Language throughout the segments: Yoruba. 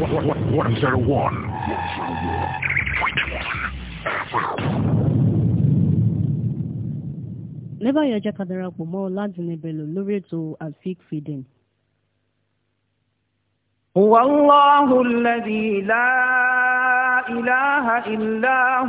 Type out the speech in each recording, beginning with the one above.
101. 101. ní báyìí ẹ jẹ́ ká darapọ̀ mọ́ Ọládìní Bello lórí ètò afik feeding. هو الله الذي لا إله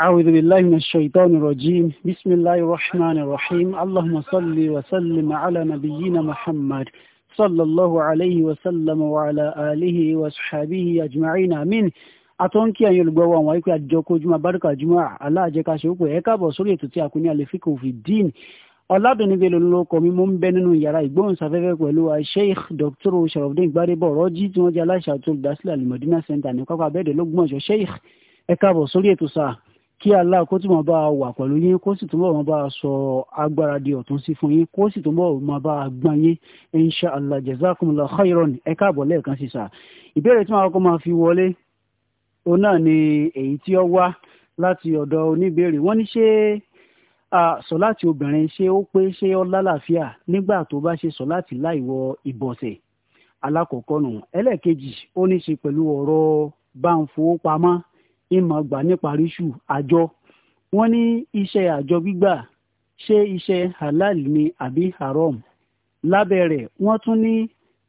أعوذ بالله من الشيطان الرجيم بسم الله الرحمن الرحيم اللهم صل وسلم على نبينا محمد صلى الله عليه وسلم وعلى آله وصحبه أجمعين آمين atọ́nkí ẹ̀yin olùgbọ́wọ́ àwọn ikú àjọkọ́ ojúmọ́ abárúkọ àjùmọ́ aláàjẹkáṣe ó pè ẹ́ káàbọ̀ sórí ètò tí a kò ní àlefíkò fi dín ọ̀làdùnníbi lolóko mi mú ń bẹ nínú yàrá ìgbóhùnsáfẹ́fẹ́ pẹ̀lú sheikh dr sharafdin gbadebo rọ́jí tí wọ́n jẹ́ aláṣà tó olùdásílẹ̀ alimọ̀dínà center ní kọ́kọ́ abẹ́ẹ̀dẹ̀ lọ́gbọ̀nsọ sheikh ẹ káàbọ̀ sórí ètò sáà kí Allah kó túnbọ̀ bá a wà pẹ̀lú yín kó sì túnbọ̀ máa bá a sọ agbára di ọ̀tún sí fún yín kó sì túnbọ̀ máa bá a gbọ́n yín insha Allah jazakumullah khairan ẹ káàbọ̀ lẹ́ẹ̀kan sí sà ìbéèrè tí wọn kọ́ máa fi wọlé òun náà ni èyí tí ó wá láti ọ̀dọ̀ oníbèrè wọ́n ní ṣé sọ̀láàtì obìnrin ṣé ó pé ṣé ó lálàáfíà nígbà tó bá ṣe sọ̀láàtì láìwọ ìbọ̀sẹ̀ alákọ̀ọ́kọ́ nù ẹlẹ́ẹ̀kejì ó ní ṣe pẹ̀lú ọ̀rọ̀ bá ń fowó pamọ́ ìmọ̀ gbà nípa ríṣù àjọ wọ́n ní iṣẹ́ àjọ gbígbà ṣé iṣẹ́ halal ni àbí haram lábẹ́ rẹ̀ wọ́n tún ní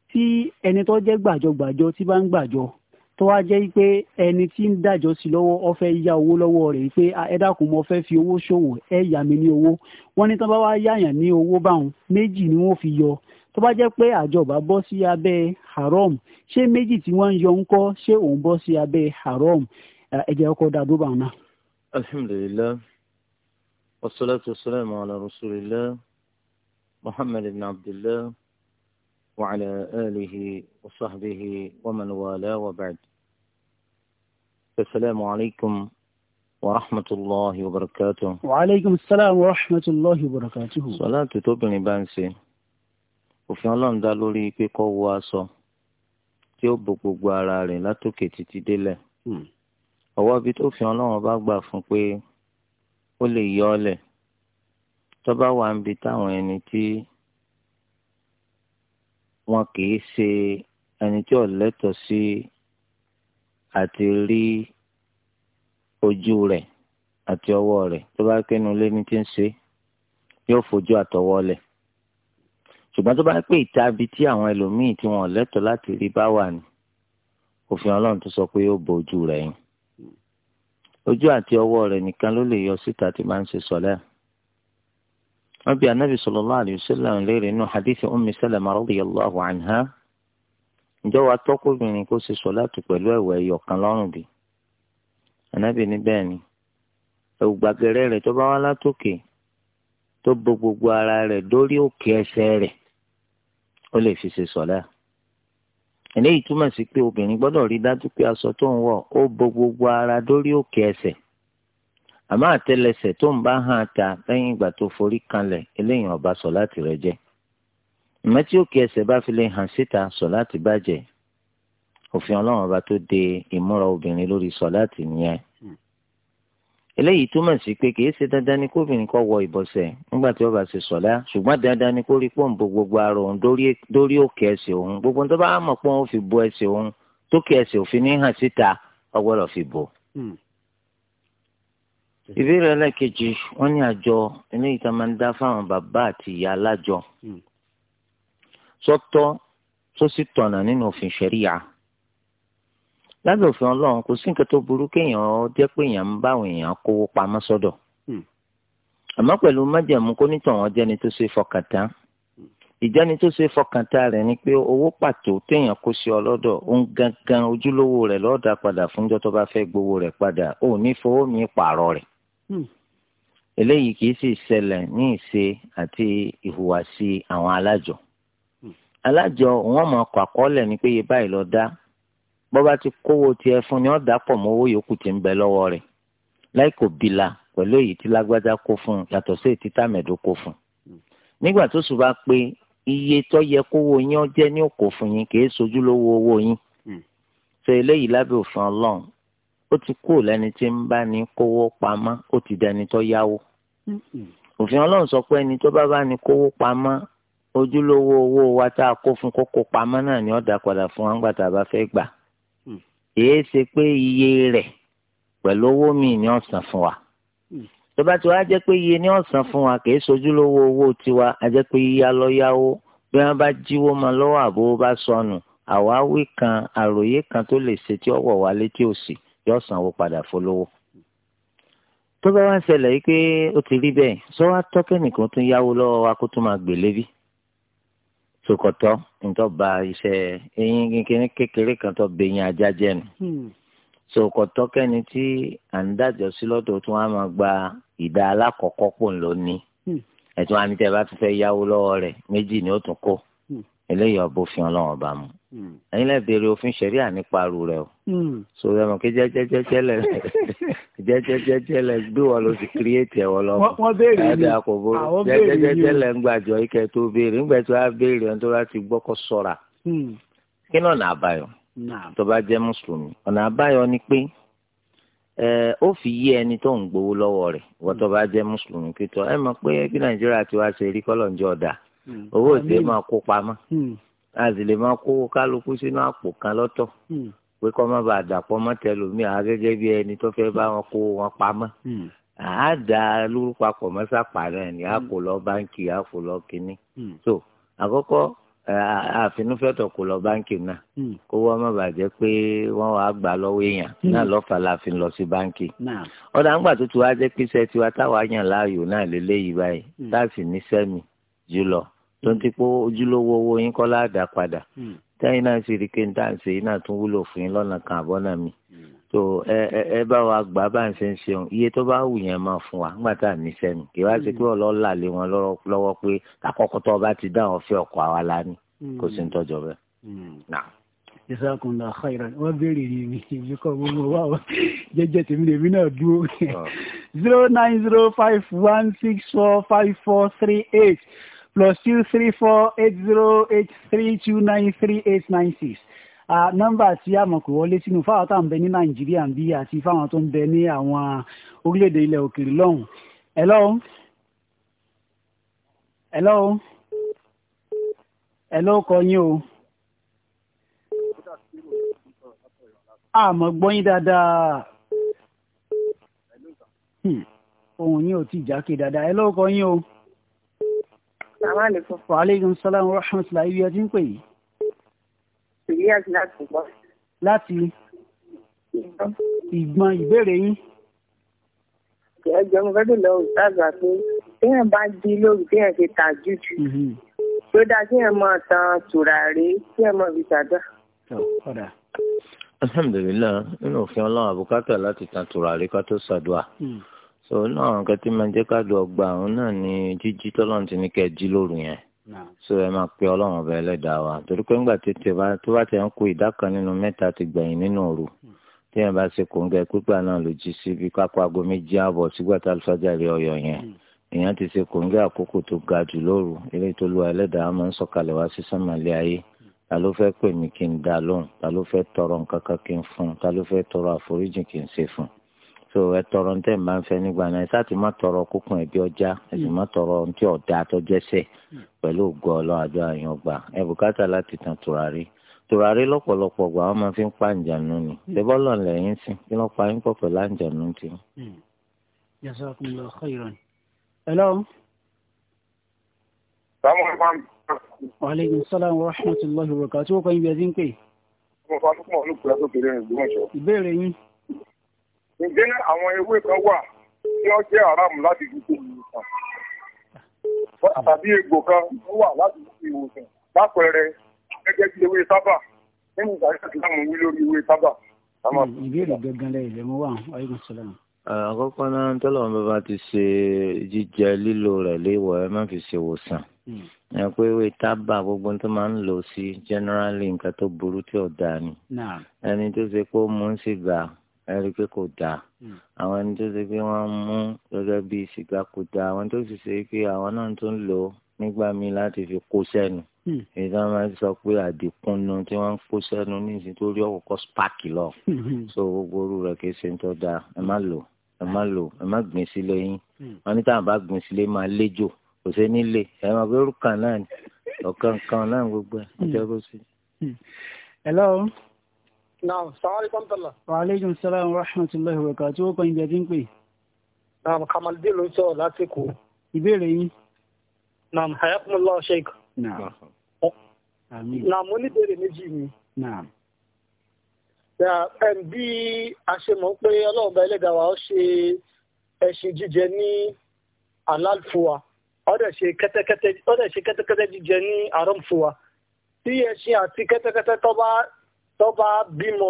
tí ẹni tó jẹ́ gbàjọgbàjọ tí bá ń gbàjọ tó wá jẹ́ pé ẹni tí ń dájọ́ sí lọ́wọ́ ó fẹ́ yá owó lọ́wọ́ rẹ̀ pé ẹ dákun mo fẹ́ fi owó ṣòwò ẹ yá mi ní owó wọ́n ní tán bá wá yáyàn ní owó báwọn méjì ni wọ́n fi yọ tó bá jẹ́ pé àjọba bọ́ sí abẹ́ haram ṣé méjì tí wọ́n ń yọ ń kọ́ ṣé òun bọ́ sí abẹ́ haram ẹ jẹ́ ọkọ̀ dá dúró báwọn náà. alhamdulilayi wasalaatu wasalaamu ala rasulillah muhammad ibn abdillah wa ala alihi wa sahbihi wa man wala wa ba'd. asalaamu alaykum wa rahmatulahi wa barakatuh. wa aleykum salaam wa rahmatulahi wa barakatuh. sọláàtì tóbìnrin bá ń ṣe òfin ọlọ́run dá lórí pé kó wọ aṣọ tí ó bo gbogbo ara rẹ̀ látòkè títí délẹ̀. Hmm ọwọ́ ibi tó fi ọlọ́run bá gbà fún pé ó lè yọ ọ lẹ̀ tó bá wà níbi táwọn ẹni tí wọn kì í ṣe ẹni tí ò lẹ́tọ̀ọ́ sí àti rí ojú rẹ̀ àti ọwọ́ rẹ̀ tó bá kẹ́nu lé ní tí ń ṣe yóò fojú àtọwọ́ lẹ̀ ṣùgbọ́n tó bá pè ìta bíi tí àwọn ẹlòmíì tí wọn ò lẹ́tọ̀ọ́ láti rí bá wà ní òfin ọlọ́run tó sọ pé yóò bo ojú rẹ̀ yìí ojú àti ọwọ́ rẹ̀ nìkan ló lè yọ síta tí máa ń ṣe sọ̀lẹ́. wọ́n bi anabi sallallahu alayhi wa sallam léèrè nínú hadithi ummi salama radiyallahu anha ǹjẹ́ wàá tọ́kùnrin kó ṣe sọ̀láàtù pẹ̀lú ẹ̀wẹ̀ ẹ̀yọ̀kan lọ́rùn bí? ní bẹ́ẹ̀ ni ẹ̀wù gbàgẹ̀rẹ́ rẹ̀ tó bá wá látòkè tó gbogbo ara rẹ̀ dórí òkè ẹsẹ̀ rẹ̀ ó lè fi ṣe eléyìí túmọ̀ sí pé obìnrin gbọ́dọ̀ rí dájú pé aṣọ tó ń wọ̀ ó bo gbogbo ara dórí òkè ẹsẹ̀ àmọ́ àtẹlẹsẹ̀ tó ń bá hàn ta lẹ́yìn ìgbà tó forí kanlẹ̀ eléyìí ó ba sọ̀láàtì rẹ̀ jẹ́ ìmọ̀ tí òkè ẹsẹ̀ bá fi lè hàn síta sọ̀láàtì bàjẹ́ òfin ọlọ́run ọba tó de ìmúra obìnrin lórí sọ̀láàtì nìyẹn eléyìí túmọ̀ sí pé kìí ṣe dandan ni kóbìnrin kọ́ wọ ìbọ̀sẹ̀ nígbà tí wọ́n bá ṣe sọ̀lá ṣùgbọ́n dandan ni kó rí pọ́ǹbù gbogbo ara òun dórí òkè ẹsẹ̀ òun gbogbo tó bá mọ̀ pé òun fi bo ẹsẹ̀ òun tókè ẹsẹ̀ òfin ní hàn síta ọgbọ́dọ̀ fi bò. Hmm. ìbéèrè ẹlẹ́kejì wọ́n ní àjọ eléyìí tá a máa ń dá fáwọn bàbá àti ìyá alájọ hmm. sọ́tọ̀ tó nínú òfin ṣẹ̀ríyà lábẹ́ òfin ọlọ́run kò sí nǹkan tó burú kéèyàn jẹ́ pé èèyàn ń bá àwọn èèyàn kówó pamọ́ sọ́dọ̀ hmm. àmọ́ pẹ̀lú májẹ̀mú kó nítọ̀hún jẹ́ni tó ṣe fọkàntà hmm. ìjẹ́ni tó ṣe fọkàntà rẹ̀ ni pé owó pàtó téèyàn kó sí ọlọ́dọ̀ ó ń gangan ojúlówó rẹ̀ lọ́ọ̀dà padà fúnjọ́ tó bá fẹ́ gbowó rẹ̀ padà ó ní fowó mi pààrọ̀ rẹ̀ hmm. eléyìí kì í sì ṣẹlẹ̀ ní ìṣe àti ìhùwàsí àwọn alájọ alájọ wọn mọ̀ kọ́ àkọọ́lẹ̀ ni pé iye báyìí lọ dá bó bá ti kówó tiẹ̀ fún ni ó dàpọ̀ mọ́ owó yòókù tí ń bẹ lọ́wọ́ rẹ̀ láì kò bila pẹ̀lú èyí tí lágbájá kó fún un yàtọ̀ sí èyí tí tàmẹ̀dó kó fún un nígbà tó sùn bá pé iye tó yẹ kówó yín ó jẹ́ ní òkò fún yín kì í sojú lówó owó yín ṣe hmm. eléyìí lábẹ́ òfin ọlọ́run ó ti kú lẹ́ni tí ń bá ní kówó pamọ́ ó ti dẹni tó yáwó hmm. òfin ọlọ́run sọ pé ẹni tó bá bá ní kówó pamọ́ ojúlówó owó wa tá a kó fún kókó pamọ́ náà ni ó dá padà fún wa ńgbà tá a bá fẹ́ gbà èé ṣe pé iye rẹ̀ pẹ̀lú owó mi ni ó san fún wa hmm. tó bá ti wá jẹ́ pé iye ni ó san fún wa kì í sojúlówó owó tiwa a jẹ́ pé yíyá lọ yáwó bí wọ́n bá jíwó mọ́ lọ́wọ́ àbó bá sọnù àwáwí kan àròyé kan tó lè ṣe tí ọwọ́ wa létí òsì yóò sanwó padà fọlọ́wọ́ tó bá wá ń ṣẹlẹ̀ yìí pé ó ti rí bẹ́ẹ̀ sọ wá tọ́kẹ́ tún yáwó lọ́wọ́ wa kó tún máa gbèlé sokɔtɔ ntɔba iṣẹ́ eyín kékeré kékeré kan tó bẹyìn ajá jẹ nu hmm. sokɔtɔ kẹni tí à ń dájọ sí lọ́dọ̀ tí wọn á máa gba ìdá alákọ̀ọ́kọ́ pò ń lò hmm. ní ẹtùn àníjẹ bá tún yáwó lọ́wọ́ rẹ̀ méjì ni ó tún kó eléyìí ọba òfin ọlọ́run ọba mu hmm. ẹ̀yin lẹ béèrè òfin ṣẹ̀ríà nípa aru rẹ o hmm. so ẹ mọ̀ kí jẹ́jẹ́jẹ́jẹ́ lẹ jẹ́jẹ́jẹ́jẹ́ lẹ gbé wọn lọ sí kírìẹ̀tì ẹ̀wọ̀ lọ wọ́n béèrè yìí àwọn béèrè yìí jẹ́jẹ́jẹ́jẹ́ lẹ ń gbàjọ ikẹ̀ tó béèrè ńgbẹ́ tó wá béèrè ẹni tó bá ti gbọ́ kó sọ̀ra hmm. kí náà nà àbáyọ tó bá jẹ́ mùsùlùmí ọ̀nà àbáyọ ni pé ó fi yí ẹni tó ń gbowó lọ́wọ́ rẹ̀ wọ́n tó bá jẹ́ mùsùlùmí pé tó ẹ mọ̀ pé bí nàìjíríà ti wá ṣe rí kọ́lọ̀ ń jọ dáa Hmm. owó òsè máa kó pamọ́ hmm. a sì lè máa kó kálukú sínú àpò kan lọ́tọ̀ hmm. pé kọ́ má bàa dàpọ̀ mọ́tẹ́lómìí àwọn gẹ́gẹ́ bí ẹni tó fẹ́ bá wọn kó wọn pamọ́ àádá lórúkọ akọ̀mọ́sá pààrọ̀ ẹ̀ ní àpò lọ báńkì àpò lọ kínní so àkọ́kọ́ àfinúfẹ́tọ̀ kò lọ báńkì náà kó wọ́n má bàa jẹ́ pé wọ́n wàá gbà lọ́wọ́ èèyàn náà lọ́fà láàfin lọ sí báńkì. ọ̀dà ńgbà tó ti wá jẹ́ pé iṣẹ́ tiwa táwa yàn láàyò náà lélẹ́yìí báyìí táà sì ní sẹ́mi jùlọ tó ti pé ojúlówó owó yín kọ́ láàdá padà hmm. tẹ́yìn náà sì rí kéńtà ń ṣe yín náà tún wúlò fún yín lọ́nà kan àbọ̀ mi tó hmm. ẹ ẹ bá wa gbà bá ń ṣe ń ṣeun iye tó bá wù yẹn máa fún wa ńgbà tá à ní sẹ́nu kì í wá sí hmm. pé ọlọ́ọ̀lá lé wọn lọ́wọ́ pé àkọ́kọ́ tó bá ti dá fẹ́ ọkọ̀ àwa la kò sí ń tọ́jọ bẹ́ẹ̀. Jazakumullahu khairan wọ́n béèrè ní mi ìbí kọ́ gbogbo wa o jẹ́jẹ́ tèmi lèmi náà dúró zero nine zero five one six four five four three eight plus two three four eight zero eight three two nine three eight nine six nọ́mbà tí a mọ̀ pé wọlé sínú fáwọn tá à ń bẹ ní nàìjíríà ń bí àti fáwọn tó ń bẹ ní àwọn orílẹ̀-èdè ilẹ̀ òkèèrè lọ́hùn. hello hello hello kọ yín o. àmọ́ gbọ́yìn dáadáa hmm, ohun yín ò tí ì jákè dáadáa hello kọ yín o sàmàlẹ́kùn. wàhálẹ́kùn sálàmù rahmatulá ibi ọtí ń pè yìí. èyí àti láti gbọ́. láti ìgbọ̀n ìbéèrè yín. ẹjọ́ mo fẹ́ lọ òṣàgbà pé téèyàn bá jí lóru téèyàn ṣe tàjújù tó mhm. dáa téèyàn máa tan tùràrí téèyàn máa fi ṣàdá. alhamdulilayi nínú òfin ọlọ́run àbúkátà láti tan tùràrí ká tó ṣàdúrà. Hmm so náà àwọn kan tí máa jẹ́ ká lu ọgbà àwọn náà ní jíjí tọ́lọ́run ti ní kẹ́ jí lóru yẹn so ẹ máa pe ọlọ́run ọba ẹlẹ́dàá wa torí pé ńgbà tètè tó bá tẹ̀ ń kó ìdá kan nínú mẹ́ta ti gbẹ̀yìn nínú òru hmm. tí yẹn bá ṣe kóńgẹ́ pípa náà ló jí sí bí kápá aago méjì ààbọ̀ sígbà tá a lọ́jà rí ọyọ yẹn hmm. èèyàn ti ṣe kóńgẹ́ àkókò tó ga jù lóru ilé tó lu ẹlẹ́dàá máa ń sọ̀kalẹ̀ wá sí sánmàlẹ́ ayé ta ló fẹ́ pè mí kí n dá lóhùn ta ló fẹ́ tọrọ nǹkan kan kí n fún ta ló fẹ́ tọrọ àforíjì kí n ṣe fún un so ẹ tọrọ ní tẹ́ ẹ̀ máa ń fẹ́ nígbà náà ẹ sáà ti má tọrọ kókùn ẹ̀bí ọjà ẹ sì má hmm. tọrọ ní tí ọ̀dà àtọ́jẹsẹ̀ hmm. pẹ̀lú ògo ọlọ́run àjọ àyàn ọgbà ẹ bùkátà láti tan tùràrí tùràrí lọ́pọ̀lọpọ̀ gbà wọ́n máa fi ń pa àǹjànú ni hmm. ṣẹ́bọ́lọ̀ lẹ́yìn sí kí wọ́n pa yín pọ̀ pẹ̀lú àǹjànú ti. Aleykum salaam wa rahmatullahi wa kọ́ ibi ẹ̀sìn pé. Mo fa ǹjẹ́ àwọn ewé kan wà tí wọ́n jẹ́ àràmù láti fi ṣe ìwòsàn tàbí egbò kan wà láti fi ṣe ìwòsàn lápẹẹrẹ gẹ́gẹ́ bí ewé sábà nínú ìdájọ́ ìsìlámù wí lórí ewé sábà. ìbéèrè gangan lẹ́yìn lẹ́mú wà ọ̀yẹ́kùn sọ́lá àkọ́kọ́ náà ń tọ́lọ̀ bàbá ti ṣe jíjẹ lílo rẹ̀ léèwọ̀ ẹ má fi ṣe wòsàn hmm. ẹ pé ewé tábà gbogbo tó máa ń lò sí generally nǹkan tó burú tí ò dáa ni ẹni tó ṣe pé ó mú sìgá ẹrí pé kò dáa hmm. àwọn ẹni tó ṣe pé wọ́n mú gẹ́gẹ́ bí sìgá kò dáa àwọn tó sì ṣe pé àwọn náà tó ń lò ó nígbà míì láti fi kó sẹ́nu hmm. èyí tí máa ń sọ pé àdìkúnnu tí wọ́n ń kó sẹ́nu ní tó rí ọ̀kọ̀ọ̀kọ̀ spáàkì lọ hmm. so gbogbo orú rẹ̀ kì í ṣe ń tọ́ da ẹ má lò ẹ má lò ẹ má gbìn sílé yín wọ́n ní táwọn bá gbìn sílé máa léjò kò sí nílé ẹ máa bẹ́ẹ̀ rú náà ọ̀kan kan náà gbogbo ẹ̀ ẹ jẹ́ kó sí. hello naam sàwárí kọ́ńtàlá. waaleykum salaam wa rahmatulahi wa kàtí ó kàn ìgbà tí ń pè. naam kamaldé ló ń sọ̀rọ̀ láti kú. ìbéèrè yín. naam hayakumullah sheik. naam naam mo ní ìbéèrè méjì mi. naam. bí a ṣe mọ̀ pé ọlọ́run bá ẹlẹ́gàá wa ó ṣe ẹṣin jíjẹ ní halal fún wa ó dẹ̀ ṣe kẹ́tẹ́kẹ́tẹ́ jíjẹ ní haram fún wa tí ẹṣin àti kẹ́tẹ́kẹ́tẹ́ tó bá tó bá bímọ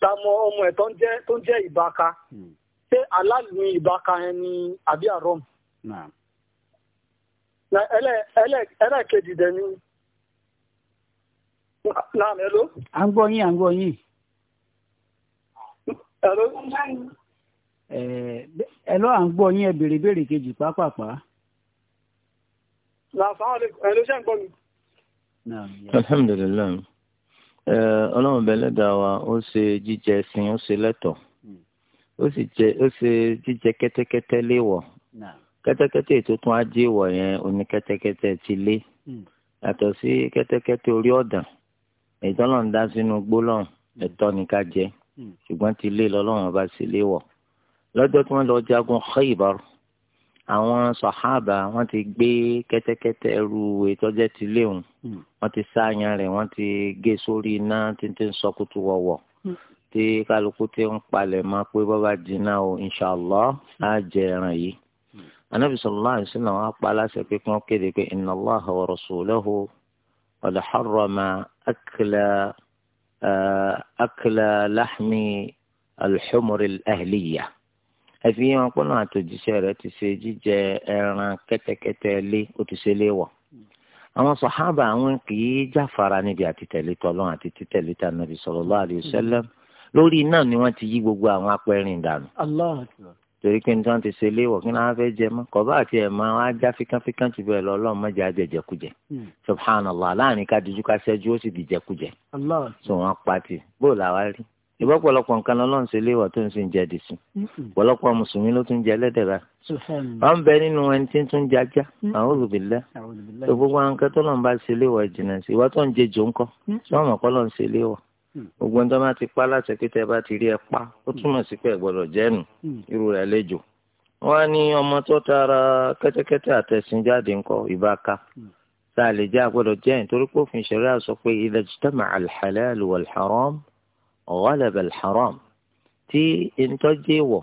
tamọ ọmọ ẹ̀ tó ń jẹ́ ìbáka hmm. ṣé aláàlú ìbáka yẹn ni àbí àrọ́m. ni. naam hello. à ń gbọ́ yín à ń gbọ́ yín. hello. hello à ń gbọ́ yín ẹ béèrè béèrè kejì pápápá. naam ẹ ló alhamdulilayi. ọlọ́run bẹ́lẹ́dà wa ó ṣe jíjẹ ẹṣin ó ṣe lẹ́tọ̀ hmm. ó sì jẹ ó ṣe jíjẹ kẹ́tẹ́kẹ́tẹ́ léwọ̀ kẹ́tẹ́kẹ́tẹ́ tó tún á jẹ́ ìwọ̀ yẹn oní kẹ́tẹ́kẹ́tẹ́ ti lé hmm. yàtọ̀ sí kẹ́tẹ́kẹ́tẹ́ orí ọ̀dàn ìtọ́lọ̀ dá sínú gbólọ́n hmm. ẹ̀tọ́ ni ká jẹ ṣùgbọ́n ti lé lọ́lọ́run ọba sí léwọ̀ lọ́jọ́ tí wọ́n lọ jagun Khaybar àwọn sàhábà wọ́n ti gbé kẹ́tẹ́kẹ́tẹ́ ẹrú ìtọ́jẹ́ ti léwu hmm. wọ́n ti sáàyàn rẹ̀ wọ́n ti gé sórí iná títí ń sọkútù wọ̀wọ̀ hmm. tí kálukú ti ń palẹ̀ mọ́ pé bọ́bá dínà o inshallah á jẹ ẹran yìí anabi hmm. sallallahu alaihi wasallam á pa aláṣẹ pé kí wọ́n kéde pé inna allaha wa rasulahu qad harrama akla akla lahmi alhumur alahliya. ẹ̀fí wọn pọ́nà àtòjíṣẹ́ rẹ̀ ti ṣe jíjẹ ẹran kẹ́tẹ́kẹ́tẹ́ lé ti ṣe léèwọ̀ àwọn sọ̀hábà àwọn kì jáfara níbi àtìtẹ̀lé tọ́lọ́n àti títẹ̀lé tànàbì sallallahu alaihi wasallam lórí náà ni wọ́n ti yí gbogbo àwọn apẹ́rìn dànù. torí pé nítorí ti ṣe léèwọ̀ kí náà fẹ́ jẹ mọ́ kọ́bá àti ẹ̀ máa wá já fíkánfíkán ti bẹ̀rẹ̀ lọ́lọ́run mọ́jà hmm. subhanallah láàrin ká dojú ká ṣẹ́jú ó sì sọ wọn pa ti bó ìbọn pọ̀lọpọ̀ nǹkan lọ́lọ́run ṣe léwà tó ń sìn jẹ dìsí pọ̀lọpọ̀ mùsùlùmí ló tún jẹ ẹlẹ́dẹ̀ rà wọn ń bẹ nínú ẹni tí ń tún jẹ ajá àwọn olùbílẹ tó gbogbo àwọn nǹkan tó lọ́n bá ṣe léwà jìnnà sí ìwà tó ń jẹ jò ńkọ́ tí wọn mọ̀ kọ́ lọ́n ṣe léwà mm. gbogbo ẹni tó ti pa láti pé tẹ bá ti rí ẹ pa ó mm. túmọ̀ sí pé ẹ̀gbọ́dọ̀ jẹ́nu mm. irú rẹ̀ lẹ́jọ́ wọn ní ọmọ tó tara kẹ́tẹ́kẹ́tẹ́ àtẹ̀sìn jáde ńkọ́ ìbáka tá a lè jẹ́ àgbọ́dọ̀ jẹ́ nítorí pé òfin ṣẹ̀ríà sọ pé idha ijtama'a al-halal ghalaba al-haram tí ntọ́jẹ́ wọ̀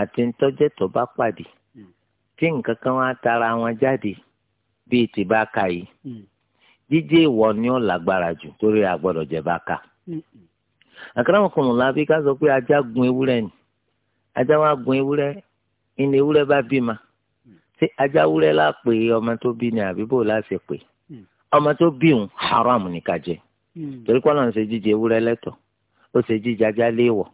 àti ntọ́jẹ́ tó bá pàdé hmm. tí nǹkan kan wá tara wọn jáde bíi ti bá ka yìí hmm. jíjẹ́ ìwọ ni ó lágbára jù torí a gbọ́dọ̀ jẹ bá ka. àkàràmọ̀kùnrin hmm. làbí ká sọ pé ajá gun ewúrẹ́ ni ajá wa gun ewúrẹ́ ilé ewúrẹ́ bá bímọ ṣé ajá wúrẹ́ la pè é ọmọ tó bí ni àbí bò láti pè ọmọ tó bí òun haram ni ká jẹ torí kọ́ ló ń ṣe jíjẹ ewúrẹ́ lẹ́tọ̀ọ́ ó ṣe jíjàjà léèwọ̀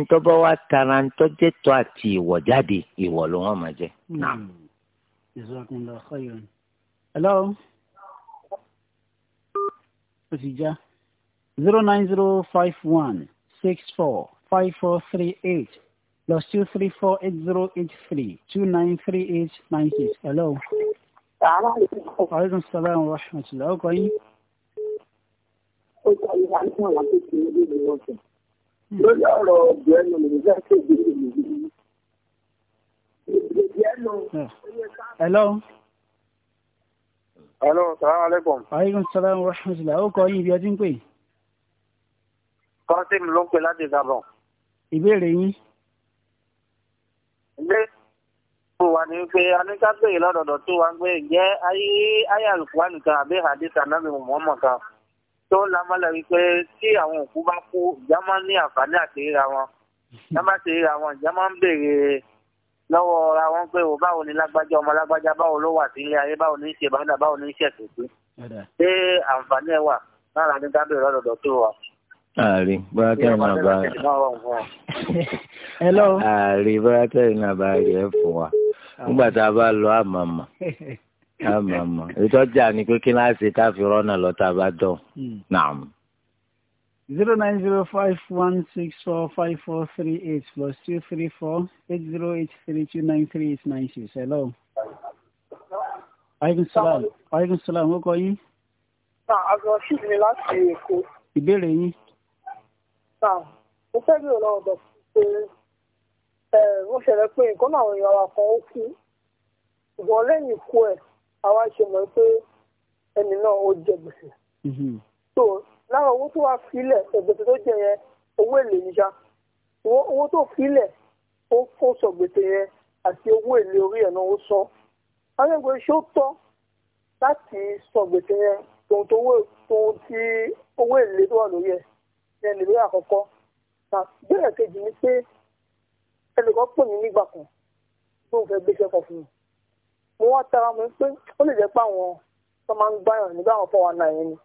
ntọ́bọ̀ wa tara ntọ́jẹ́ tó àti ìwọ̀ jáde ìwọ̀ ló wọ́n máa jẹ. Hmm. hello ó sì já zero nine zero five one six four five four three eight plus two three four eight zero eight three two nine three eight nine six hello. aleykum salaam wa rahmatulah ọkọ yín ó sáré wá ní àwọn tó ti ní ìlú lọ́sẹ̀. lórí ọ̀rọ̀ bẹ́ẹ̀nù lè fẹ́ kéde ìlú yìí. bẹ́ẹ̀nù. Hmm. hello. hello salaam aleykum. aleykum salaam wa rahmatulah ó kọ yín ibi ọtí ń pè. kọ́ńtẹ́mù ló ń pè láti Gabon. ìbéèrè yín. ilé kò wà ní pé aníkàgbé lọ́dọọdọ tó wá ń gbé jẹ́ ayé ayé alùpùpù nìkan àbí hadith anabi muhammad kan tó lamọ́lẹ̀ wípé tí àwọn òkú bá kú ìjà máa ń ní àǹfààní àti wọn ìjà máa ti ríra wọn ìjà máa ń béèrè lọ́wọ́ ra wọn pé o báwo ni lágbájá ọmọ lágbájá báwo ló wà sílé ayé báwo ní í ṣe bàdà báwo ní í ṣe tòkú ṣé àǹfààní ẹ wà lára ní dábìrì lọ́dọ̀dọ̀ tó wà. ààrẹ bóyá kẹrin náà ààrẹ bóyá kẹrin náà bá fún wa nígbà tá a bá lọ àmàmà àmọ́ àmọ́ ètò ọjà ni pé kí n láti ká fi rọ́nà lọ́tà bá dán. Hmm. naam. zero nine zero five one six four five four three eight plus two three four eight zero eight three two nine three eight nine six hello. aleykum salaam aleykum salaam ó kọ yín. náà abdulrasheed ni láti èkó. ìbéèrè yín. náà mo fẹ́ bí ọ̀la ọ̀dọ̀ pé ẹ̀ eh, mo ṣẹlẹ̀ pé nǹkan náà àwọn èèyàn wa kan ó kú ṣùgbọ́n lẹ́yìn ikú ẹ̀ àwa ṣe mọ̀ pé ẹni náà ó jẹ gbèsè. tó mhm. lára owó tó wà fílẹ̀ ẹ̀gbèsè tó jẹ yẹn owó èlé ní sá owó tó fílẹ̀ ó kó sọ gbèsè yẹn àti owó èlé orí ẹ̀ náà ó sọ. alẹ́gbẹ̀ẹ́ ṣó tọ́ láti sọ gbèsè yẹn tòun tó ti owó èlé tó wà lórí ẹ̀ yẹn nìlú àkọ́kọ́. bẹ́ẹ̀ kejì ni pé ẹnìkan pè mí nígbà kan tó ń fẹ́ gbéṣẹ́ kan fún mi mo wá tara mi pé ó lè jẹ́ pé àwọn tó máa ń gbáyàn nígbà àwọn fọwọ́ náà yẹn ni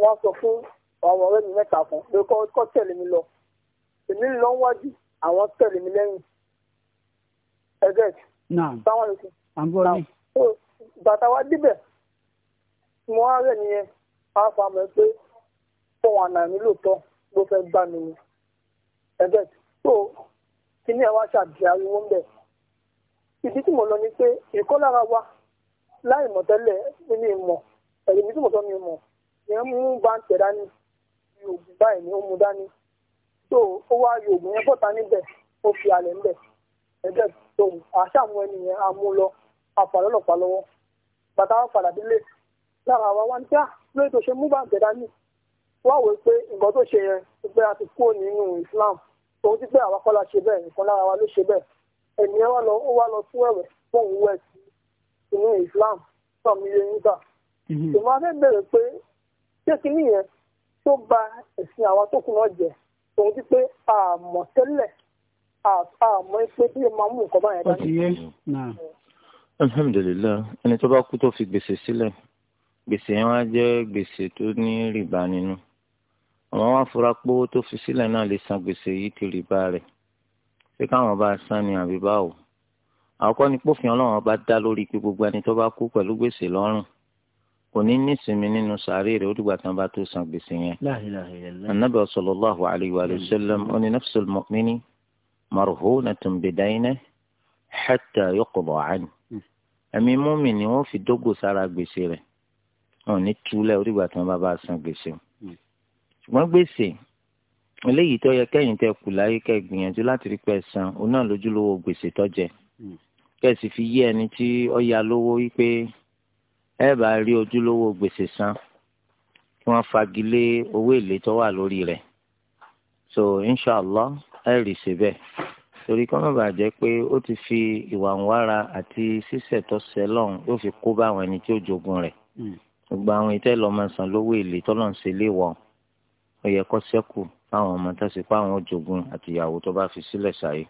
wọ́n sọ fún àwọn ọ̀rẹ́ mi mẹ́ta kan pé kọ́ tẹ̀lé mi lọ èmi lọ ń wájú àwọn tẹ̀lé mi lẹ́yìn ẹ̀gẹ́t táwọn lè fi bàtà wa débẹ̀ mo wá rẹ̀ nìyẹn wá fa mọ̀ pé fọwọ́ náà mi lóòótọ́ ló fẹ́ gbà mí ni ẹ̀gẹ́t tó kíní ẹ̀ wá ṣàbíyá ariwo ń ibi tí mo lọ ni pé ìkọ́ lára wa láì mọ̀ tẹ́lẹ̀ nínú ìmọ̀ ẹ̀yìn mi tí mo sọ mi mọ̀ ìyẹn mú báńkì dání oògùn báyìí ni ó mu dání tó ó wá yọ oògùn yẹn bọ́ta níbẹ̀ ó fi alẹ̀ ńbẹ̀ ẹ̀jẹ̀ tó àṣà mú ẹni yẹn amú lọ apàlọ́lọ́pàá lọ́wọ́ bàtà wa padà délé lára wa wá ní pé lórí tó ṣe mú báńkì dání wá wò pé nǹkan tó ṣe yẹn pé a ti kúrò nínú Islam òun ti pé àwa kọ́ la ṣe bẹ́ẹ̀ nǹkan ẹ̀mí ẹ̀ wá lọ ó wá lọ tún ẹ̀wẹ̀ fún òun wẹ̀ sí inú Islam sọmi yẹn gbà. ìmọ̀ mhm. afẹ́ bẹ̀rẹ̀ pé ṣé kínní yẹn tó ba ẹ̀sìn àwọn tó kù náà jẹ́ òun ti pé àmọ̀ tẹ́lẹ̀ àmọ́ pé bí ẹ máa mú nǹkan báyẹn dání. alhamdulilayi ẹni tó bá kú tó fi gbèsè sílẹ̀ gbèsè yẹn wá jẹ́ gbèsè tó ní rìbá nínú àwọn wá tó fi sílẹ̀ náà lè san gbèsè yìí ti rìbá rẹ̀ pé káwọn bá san ni àbí báwo àkọ́kọ́ ni pófin ọlọ́run ọba dá lórí pé gbogbo ẹni tó bá kú pẹ̀lú gbèsè lọ́rùn kò ní nísinmi nínú sàárè rẹ̀ ó dìgbà tí wọ́n bá tó san gbèsè yẹn. anabi sallallahu alayhi wa sallam ó ní nafsul mu'mini marhunatun bidaynihi hatta yuqda anhu. ẹ̀mí mọ́mì ni wọ́n fi dógò sára gbèsè rẹ̀ wọn ní túlẹ̀ ó dìgbà tí bá bá san gbèsè. ṣùgbọ́n gbèsè eléyìí tó yẹ kẹ́yìn tẹ kù láyé kẹ́ gbìyànjú láti rí pẹ́ san òun náà lójúlówó gbèsè tọ́jẹ hmm. kẹ́sì fi yí ẹni tí ó ya lówó wípé ẹ bá rí ojúlówó gbèsè san kí wọ́n fagilé owó èlé tó wà lórí rẹ̀ so inshallah ẹ rí ṣe bẹ́ẹ̀ torí kọ́ mọ̀ bàjẹ́ pé ó ti fi ìwà ń wára àti sísẹ̀tọ́ sẹ́lọ̀n yóò fi kó bá àwọn ẹni tí ó jogun rẹ̀ hmm. gbogbo àwọn ìtẹ́lọ́mọ̀sán lówó èlé tọ́lọ́ ń ṣe léwọ̀ ó yẹ fáwọn ọmọ tó ṣe fáwọn àti ìyàwó tó bá fi sílẹ̀ ṣáyé.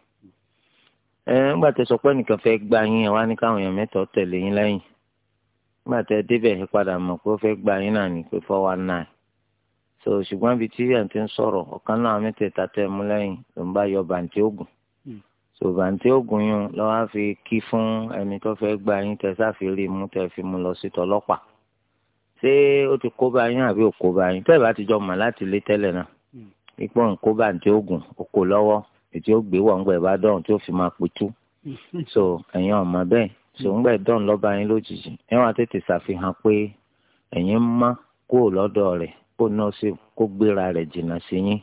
ẹ nígbà tẹ́ sọ pé nìkan fẹ́ gba yín ẹ wá ní káwọn èèyàn lẹ́yìn nígbà débẹ̀ ẹ padà mọ̀ pé ó fẹ́ gba yín náà ní pé four one so ṣùgbọ́n tí ń ọ̀kan náà mẹ́tẹ̀ẹ̀ta tẹ̀ mú lẹ́yìn ló bá yọ bàǹtí ògùn hmm. so bàǹtí ògùn kí fún ẹni tó fẹ́ yín ipò nǹkó bá ti oko lọ́wọ́ ètí ó gbé wọ̀ngbẹ̀ bá dọ̀hún tí fi máa pitú so ẹ̀yin ọ̀mọ bẹ́ẹ̀ so ńgbẹ́ dọ̀hún lọ́ba yín lójijì ẹ wá tètè ṣàfihàn pé ẹ̀yin má kúrò lọ́dọ̀ rẹ̀ kó náà sì kó gbéra rẹ̀ jìnnà sí yín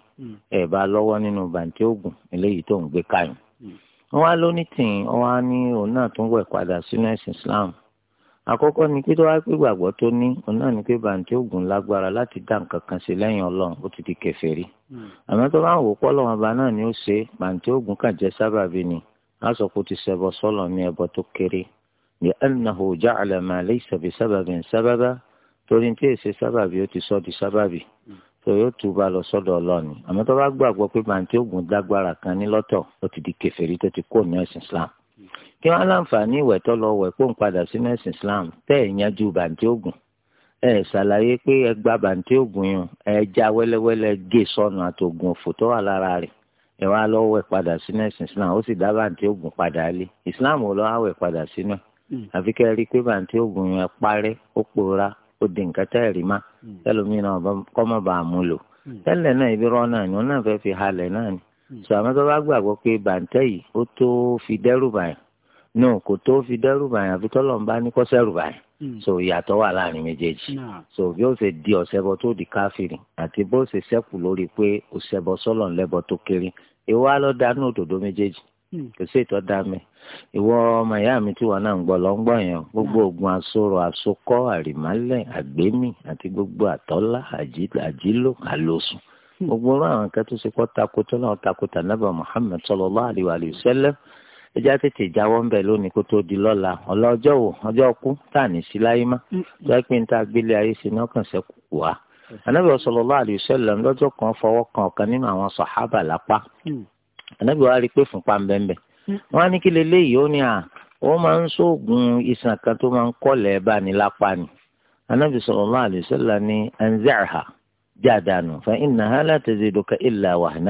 ẹ̀ bá lọ́wọ́ nínú bàǹtí oògùn eléyìí tó ń gbé káyìn. Mm. wọ́n wá lónìí wọ́n wá ní òun náà Islam àkọ́kọ́ ni kí tó wá pé gbàgbọ́ tó ní òun náà ni pé bàǹtí ògùn lágbára láti dá nǹkan kan sí lẹ́yìn ọlọ́run ó ti di kèfèrí hmm. àmọ́ tó bá ń wò pọ́ lọ́wọ́n ọba náà ni ó ṣe bàǹtí ògùn kàn jẹ́ sábàbí ni láṣọ kó ti ṣẹbọ sọ́lọ̀ ní ẹbọ tó kéré ní ẹnìnàhó ja'ala ma laysa bi sababin sábàbá torí tí èsè sábàbí ó ti sọ di sábàbí tó hmm. yóò tù bá lọ sọ́dọ̀ ọlọ́ni àmọ́ tó bá gbàgbọ́ pé bàǹtí ògùn lágbára kan ní lọ́tọ̀ ó ti di kèfèrí tó ti kó ní ẹ̀sìn Islam hmm. kí wọ́n láǹfààní ìwẹ̀ tó lọ wẹ̀ kó ń padà sí mẹ́sìn Islam tẹ́ ẹ̀ yanjú bàǹtí ogun ẹ̀ ṣàlàyé pé ẹ gba bàǹtí ogun yẹn ẹ̀ já wẹ́lẹ́wẹ́lẹ́ gé sọnù àtògùn òfò tó wà lára rẹ̀ lọ wẹ̀ padà sí mẹ́sìn Islam ó sì dá bàǹtí padà lé Islam ò lọ àwẹ̀ padà sínú ẹ̀ hmm. àfi kẹ́ ẹ rí i pé bàǹtí parẹ́ ó pòórá ó di nǹkan tẹ́ no kò tó fi dẹ́rù bàyàn àfi tọ́lọ̀ ń bá ní kọ́ sẹ́rù bàyàn hmm. so ìyàtọ̀ wà láàrin méjèèjì so bí ó ṣe di ọ̀sẹ̀bọ tó di káfírin àti bó ṣe sẹ́kù lórí pé ọ̀sẹ̀bọ sọ́lọ̀ ńlẹ́bọ tó kéré ìwọ ló dánú òdòdó méjèèjì hmm. kò sí ìtọ́ dá mi ìwọ ọmọ ìyá mi tí wọn náà ń gbọ́ lọ ń gbọ́ yẹn gbogbo oògùn asọ̀rọ̀ asokọ́ àrìmálẹ̀ àgbémì àti gbogbo àtọ́lá àjílò àlòsùn hmm. gbogbo ọ̀rọ̀ Muhammad sallallahu alaihi wa sallam ẹjẹ tètè jáwọ́ ńbẹ lónìí kó tó di lọ́la ọlọ ọjọ́ wo ọjọ́ kú tá à ní sí láyé má mm. jẹ pé níta gbélé ayé ṣe ní ọkàn ṣe kù wá. anabi sallallahu alaihi wasallam lọ́jọ́ kan fọwọ́ kan ọ̀kan nínú àwọn sàhábà lápá anabi mm. wa rí i pé fúnpá ń bẹ́ẹ̀ mm. wọ́n á ní kí leléyìí ó ní à ó máa ń sóògùn ìsàn kan tó máa ń kọ́lẹ̀ bá ní lápá ni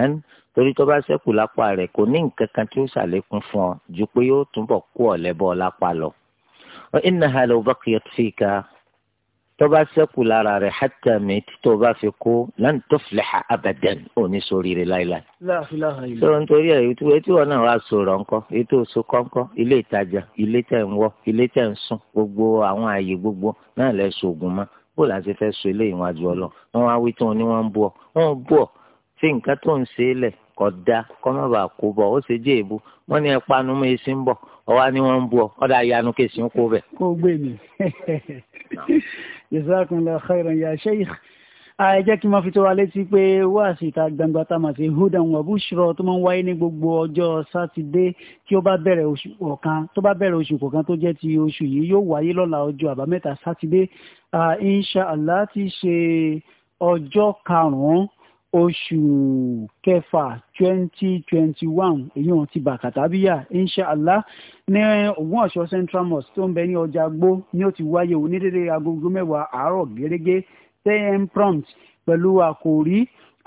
anabi torí tó bá ṣẹ́kù lápá rẹ̀ kò ní nǹkan kan tí ó ṣàlékún fún ọ ju pé yóò túbọ̀ kú ọ lẹ́bọ̀ lápá lọ. wa innaha law baqiyat fika tó bá ṣẹ́kù lára rẹ̀ hatta mit tó bá fi kú lan tufliha abadan ò ní sóríire láíláí. sọ̀rọ̀ nítorí ẹ̀ ètò etí wọn náà wá sọ̀rọ̀ ńkọ́ ètò oṣù kọ́ńkọ́ ilé ìtajà ilé tẹ̀ ń wọ́ ilé tẹ̀ ń sùn gbogbo àwọn ààyè gbogbo náà lẹ́ sọ̀gùn mọ́ bó la ṣe fẹ́ sọ eléyìí wájú ọlọ́ wọn wá wí tí wọn ní ń bú ọ wọn bú fi nǹkan tó ń ṣe é lẹ̀ kódà kọ́mọ́bà kó bọ̀ ó ṣe jẹ́ èbú wọ́n ní ẹ̀pá nu mọ́ èsì ń bọ̀ ọwọ́ ni wọ́n ń bu ọ ọ̀dà ìyanu kèsì ń kó bẹ̀. kó gbé mi jazakumullahu khairan ya sheikh ẹ jẹ́ kí n máa fi tó wa létí pé wáàsí ìta gbangba tá a máa ti hudan wa bushra tó máa ń wáyé ní gbogbo ọjọ́ sátidé tí ó bá bẹ̀rẹ̀ oṣù kọ̀ọ̀kan tó bá bẹ̀rẹ̀ oṣù kọ̀ọ̀kan tó jẹ́ ti oṣù yìí yóò wáyé lọ́la ọjọ́ àbámẹ́ta sátidé insha allah ti ṣe ọjọ́ karùn-ún oṣù kẹfà twenty twenty one èyí wọn ti bàkàtàbíyà inshàlá ní ògùn central mosque tó ń bẹ ní ọjà gbó ni ó ti wáyé onídéédé agogo mẹ́wàá àárọ̀ gẹ́gẹ́ ten prompt pẹ̀lú àkòrí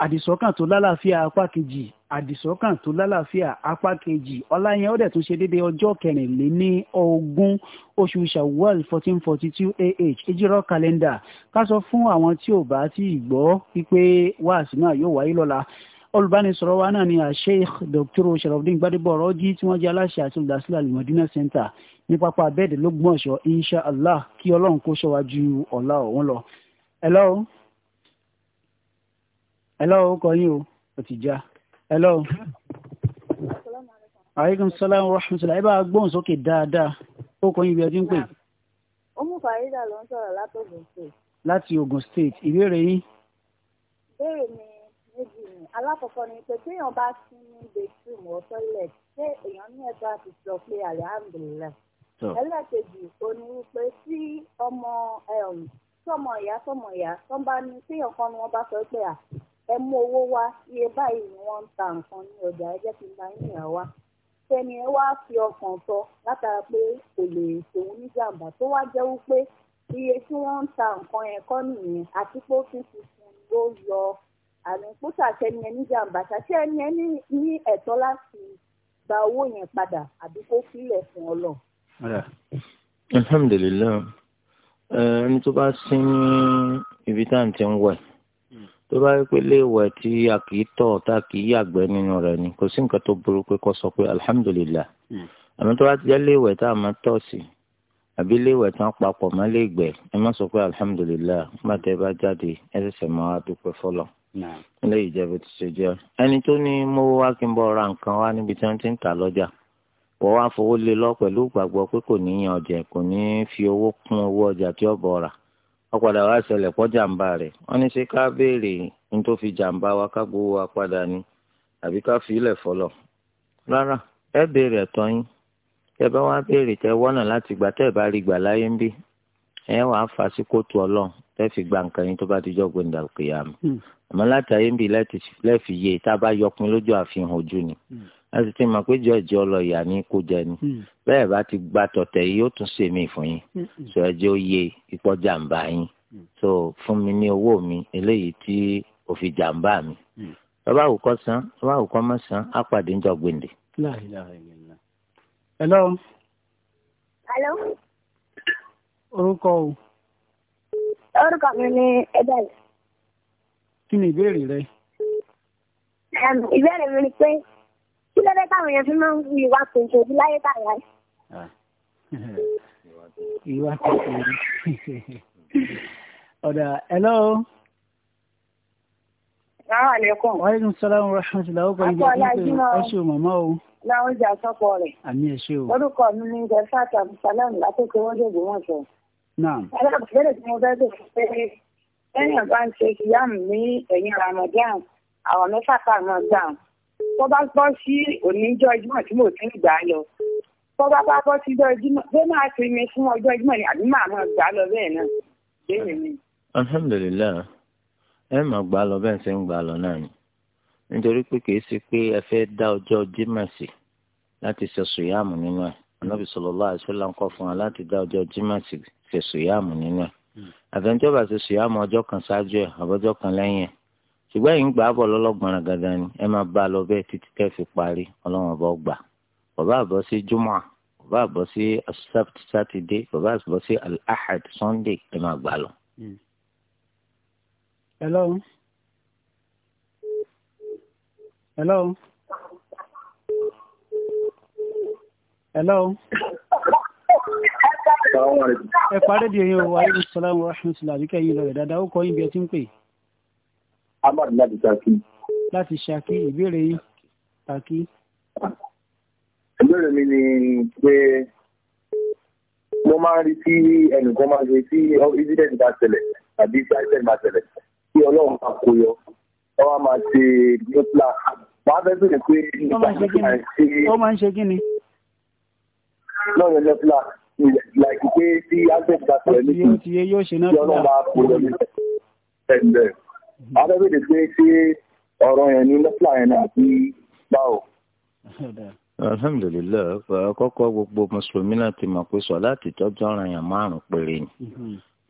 àdìsọ́kàn tó lálàáfíà apá kejì àdìsọ́kàn tó lálàáfíà apá kejì ọlá yẹn ó dẹ̀ tún ṣe déédéé ọjọ́ kẹrìnléní ogún oṣù shawwal fourteen forty two ah ejirọ kàlẹ́ndà ká sọ fún àwọn tí ò bá tí ì gbọ́ wípé wáàsí náà yóò wáyé lọ́la olùbánisọ̀rọ̀ wa náà ni sheikh dr sharafdin gbadebo ọ̀rọ̀jì tí wọ́n jẹ́ aláṣẹ àti olùdásílẹ̀ alimọ̀dínà center ní pápá abẹ́ẹ̀dẹ̀ lọ́gbọ̀nsọ̀ insha allah kí ọlọ́run kó ṣọ́wájú ọ̀la ọ̀hún lọ. hello hello orúkọ yín o ò ti já hello. aleykum salaam wa rahmatulah ẹ bá a gbóhùn sókè dáadáa orúkọ yín ibi ẹ ti ń pè. ọmú farida ló ń sọ̀rọ̀ láti Ògùn state. láti Ògùn state ìbéèrè yín. ìbéèrè mi méjì ni alákọ̀ọ́kọ́ ni pé téèyàn bá sí ní bathroom or toilet ṣé èèyàn ní ẹ̀tọ́ àti sọ pé alihamdulilayi ẹlẹ́kejì òní wípé tí ọmọ tọmọ ìyá tọmọ ìyá tó ń bá ní téèyàn kan ni wọ́n bá sọ pé à ẹ mú owó wá iye báyìí ni wọ́n ń ta nǹkan ní ọjà ẹ jẹ́ kí n yàn wá tẹni ẹ wá fi ọkàn sọ látara pé kò lè ṣòun ní tó wá jẹ́ wípé iye tí wọ́n ń ta nǹkan yẹn kọ́ nìyẹn àti pé ó tún tuntun ló yọ àmì púpà tẹni ẹ ní ṣàṣẹ ẹni ẹ ní ẹ̀tọ́ láti gba owó yẹn padà àbí kó sílẹ̀ fún ọ lọ. alhamdulilayi ẹni tó bá sí ní ibi tá à ń ti ń wẹ̀ tó bá yẹ pé léèwẹ̀ tí a kì í tọ̀ tá a kì í yàgbẹ́ nínú rẹ̀ ni kò sí nǹkan tó burú pé kó sọ pé alhamdulillah hmm. àmọ́ tó bá ti jẹ́ léèwẹ̀ tá a máa tọ̀ sí àbí léèwẹ̀ tí wọ́n papọ̀ má léègbẹ́ ẹ má sọ pé alhamdulillah má tẹ́ bá jáde ẹ ṣẹ̀ṣẹ̀ máa dúpẹ́ fọlọ́ ilé ìjẹ́bù ti ṣe jẹ́ ẹni tó ní mo wá kí n bọ̀ ra nǹkan wá níbi tí wọ́n ti ń tà lọ́jà wọ́n wá fowó lé lọ pẹ̀lú ìgbàgbọ́ pé kò ní yan ọjà kò ní fi owó kún owó ọjà tí ó rà ọ̀padà wa ṣẹlẹ̀ kọ́ jàǹbá rẹ̀ wọ́n ní ṣé ká béèrè ní tó fi jàǹbá wa ká gbowó wa padà ni àbí ká fi ilẹ̀ fọlọ̀ rárá ẹ béèrè ẹ̀tọ́ yín tẹ bá wá béèrè tẹ wọ́nà láti gbà tẹ́ ẹ bá rí gbà láyé ń bí ẹ wàá fà sí kóòtù ọlọ́run tẹ́ fi gba nǹkan yín tó bá ti jọ́ gbẹ̀ndà òkè yá hmm. àmọ́ látàyé ń bí lẹ́ẹ̀fi yé tá a bá yọkun lójú àfihàn ojú ni. Mm a sì ti mọ̀ pé jọ̀jọ̀ ọlọ́ọ̀yà ni kò jẹ ni hmm. bẹ́ẹ̀ bá ti gba tọ̀tẹ̀ yìí yóò tún ṣe mí fún yín hmm, hmm. sọ ẹjẹ́ ó yẹ ipò jàǹbá yín so fún mi ní owó mi eléyìí tí ó fi jàǹbá mi bàbá àwùkọ san bàbá àwùkọ má san á pàdé ńjọ gbèǹde. hello. hello. orúkọ o. orúkọ mi ni edel. kí ni ìbéèrè rẹ. ìbéèrè mi ni pé kí ló dé táwọn èèyàn fi máa ń wu ìwà tuntun bí láyé táyà yìí. Ah. ìwà tuntun ọ̀dà hello. Àwọn àlékún. Wàhálà ìlú Sọlá ń rọ ṣáàtì làwọn kan ìgbà pípé ọṣù màmá o. Láwọn ìjà sọ́kọ rẹ̀. Àmì ẹ̀ṣẹ̀ o. Orúkọ mi ni Jẹ́fàtì Abdulsalam látòkè wọ́n dògbò wọ́n sọ. Náà. Alábùsọ̀rọ̀ tí mo fẹ́ bẹ̀ fún pé lẹ́yìn ọ̀gá ń ṣe kìyàmù ní ẹ̀yìn Ramadan, àwọn mẹ́fà kan náà gbà tó bá gbọ́ sí oníjọ́ ìjùmọ̀ tí mo ti ń gbà lọ tó bá bá bọ́ sí ìjọ ìjùmọ̀ bó máa ti mi fún ọjọ́ ìjùmọ̀ ni àbí màá máa gbà lọ bẹ́ẹ̀ náà bẹ́ẹ̀ ni. alhamdulilayi ẹ máa gbà lọ bẹ́ẹ̀ ṣe ń gbà lọ náà ni nítorí pé kìí ṣe pé ẹ fẹ́ dá ọjọ́ jímọ̀ sí láti ṣe sùyàmù nínú ẹ̀ anábì sallallahu alaihi wasallam kọ́ fún wa láti dá ọjọ́ jímọ̀ sí ṣe sùyàmù nínú ẹ̀ hmm. àtẹnjọba ṣe sùyàmù ọjọ́ kan ṣáájú ẹ̀ àbọ̀jọ́ kan lẹ́yìn ẹ̀ ṣùgbọ́n yìí ń gbà á bọ̀ lọ́lọ́gbọ̀nrán gangan ni ẹ máa bá a lọ bẹ́ẹ̀ títí tẹ́ fi parí ọlọ́run ọba ọgbà bàbá àbọ̀ sí jumọ́ bàbá àbọ̀ sí sátidé bàbá àbọ̀ sí alahad sunday ẹ máa gbà lọ. Hmm. hello hello hello. ẹ parí di eyín o aleykum salaam wa rahmatulah àbíkẹ́ yìí lọ rẹ̀ dáadáa ó kọ́ yín bí ẹ ti ń pè é. Ahmad láti Ṣakí. Láti Ṣakí, ìbéèrè yìí, Ṣakí. Ìbéèrè mi ni pé mo máa ń rí tí ẹnìkan máa ṣe tí incident bá ṣẹlẹ̀ tàbí tí accident bá ṣẹlẹ̀ tí ọlọ́run máa kó yọ ọ wá máa ṣe nípa wàá fẹ́ bèrè pé nípa nípa ṣe. Ó máa ń ṣe kí ni? Lọ́rọ̀ nípa like pé tí accident bá ṣẹlẹ̀ nípa tí ọlọ́run máa kó yọ nípa abẹ́bẹ̀rẹ̀ pé ṣé ọ̀rọ̀ yẹn ní lọ́pàá yẹn náà ti gbà ó. alhamdulilayi àkọ́kọ́ gbogbo mùsùlùmí náà ti mọ̀ pé sọ̀láàtì tọ́jú ọ̀ràn yẹn márùn-ún péré ni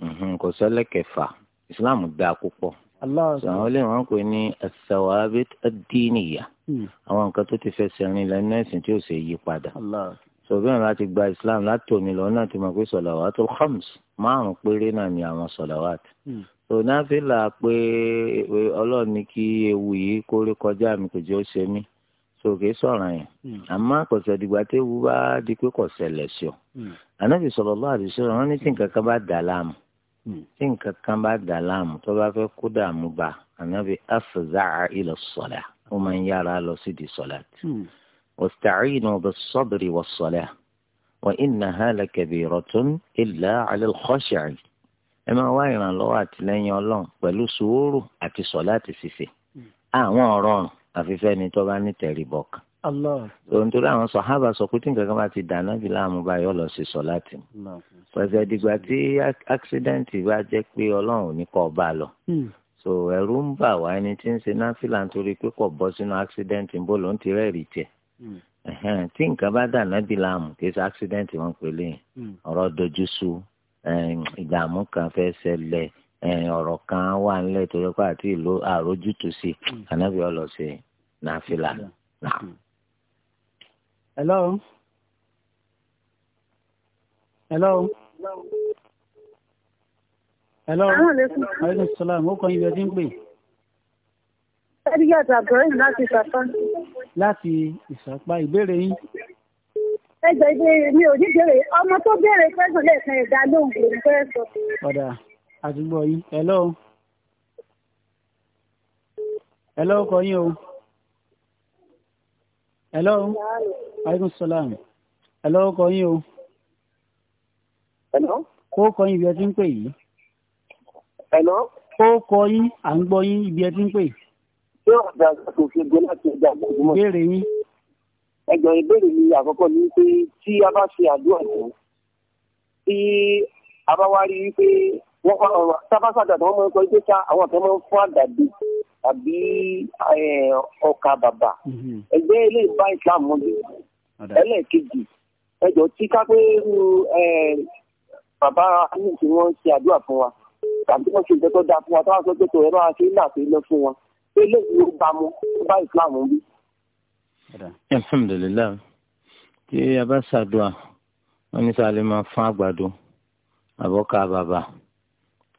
mm-hmm. kò sẹ́lẹ̀ kẹfà islam dáa púpọ̀ àwọn ilé wọn pè ní asawabit adiniya mm. àwọn nǹkan tó ti fẹsẹ̀ rìn lẹ́nu ẹ̀sìn tí ò sì yí padà sọ̀bẹ́rún láti gba islam látòmí lọ́nà tí mo pè sọ̀làwàtò khams márùn-ún péré náà ni àwọn sọ̀làwàtò mm onáfìlà pé ọlọ́run ní kí ewu yìí kórè kọjá mi kò jẹ́ ó ṣe mí sòkè sọ̀rọ̀ yẹn hmm. àmọ́ kọ̀sẹ̀ dìgbà tí ewu bá di pé kọ̀sẹ̀ lẹ̀ sí ọ. Hmm. ànábì sallallahu alaihi wasallam wọn ní tí nǹkan kan bá dà láàmú hmm. tí nǹkan kan bá dà láàmú tó bá fẹ́ kó dààmú bá ànábì afza'a ila salah ó máa ń yára lọ sídìí salat. wasta'inu bis-sabri was-salah wa innaha lakabiratun illa 'ala al ẹ máa wá ìrànlọ́wọ́ àtìlẹ́yìn ọlọ́run pẹ̀lú sùúrù àti sọ̀láàtì ṣíṣe hmm. àwọn ọ̀rọ̀ ọ̀run àfihàn ẹni tó bá ní tẹ̀rìbọ̀ kan. ohun tó dáhùn sàhábà sọ pé tí nǹkan kan bá ti dànù bí láàmú bá yọ lọ sí sọ̀láàtì mu. pẹ̀sẹ̀ dìgbà tí àksidẹ́ǹtì bá jẹ́ pé ọlọ́run ò ní kọ́ bá lọ hmm. so ẹ̀rù ń bà wá ẹni tí ń ṣe náfìlà nítorí pé kò bọ́ sínú accident ń bò ló ń ti rẹ́ẹ̀rì tiẹ̀ hmm. tí nǹkan bá dà nábì láàmú kì ṣe accident wọn pè lẹ́yìn ọ̀rọ̀ dojú sú ìdààmú kan fẹ́ ṣẹlẹ̀ ọ̀rọ̀ kan wà nílẹ̀ tó àti ìlú àrójútù sí ànábì ọlọ sí nàfìlà. hello. hello. hello. aleykum salaam ó kàn yín bí ẹ ń pè. ẹ̀rí yàtọ̀ àbúrò láti ìsàpá. láti ìsàpá ìbéèrè yín. ẹjọ ìdí mi ò ní béèrè ọmọ tó béèrè fẹsùn lẹ́ẹ̀kan ẹ̀dá lóhùn kò ní fẹ́ ọ̀dà àdúgbò yìí hello hello kọ yín o hello aleykum salaam hello kọ yín o. hello. kó kọ yín ibi ẹ ti ń pè yìí. hello. kó kọ yín à ń gbọ́ yín ibi ẹ ti ń pè. ṣé ọ̀dà kò ṣe gbé láti ọjà àgbà ìgbìmọ̀. béèrè yín ẹgbẹ́ ìbéèrè mi àkọ́kọ́ ni pé tí a bá ṣe àdúrà tó tí a bá wá rí i pé wọ́n fa ọ̀rọ̀ tábàṣàdà tí wọ́n máa ń sọ pé ká àwọn kan máa ń fún àdàdé tàbí ọkà bàbà mhm. ẹgbẹ́ ilé ìbá Islam mọ́lẹ̀ ẹlẹ́ẹ̀kejì ẹjọ́ tí ká pé bàbá amí tí wọ́n ṣe àdúrà fún wa tàbí wọ́n ṣe ìjẹ́ tó dáa fún wa táwọn sọ pé tòun ẹ máa ṣe ń nà sí lọ fún wa pé lóòótọ́ bá mu bá Islam mọ́lẹ̀ alhamdulilayi tí a bá ṣàdúrà wọn ní sáré máa fún àgbàdo àbọ̀ká bàbà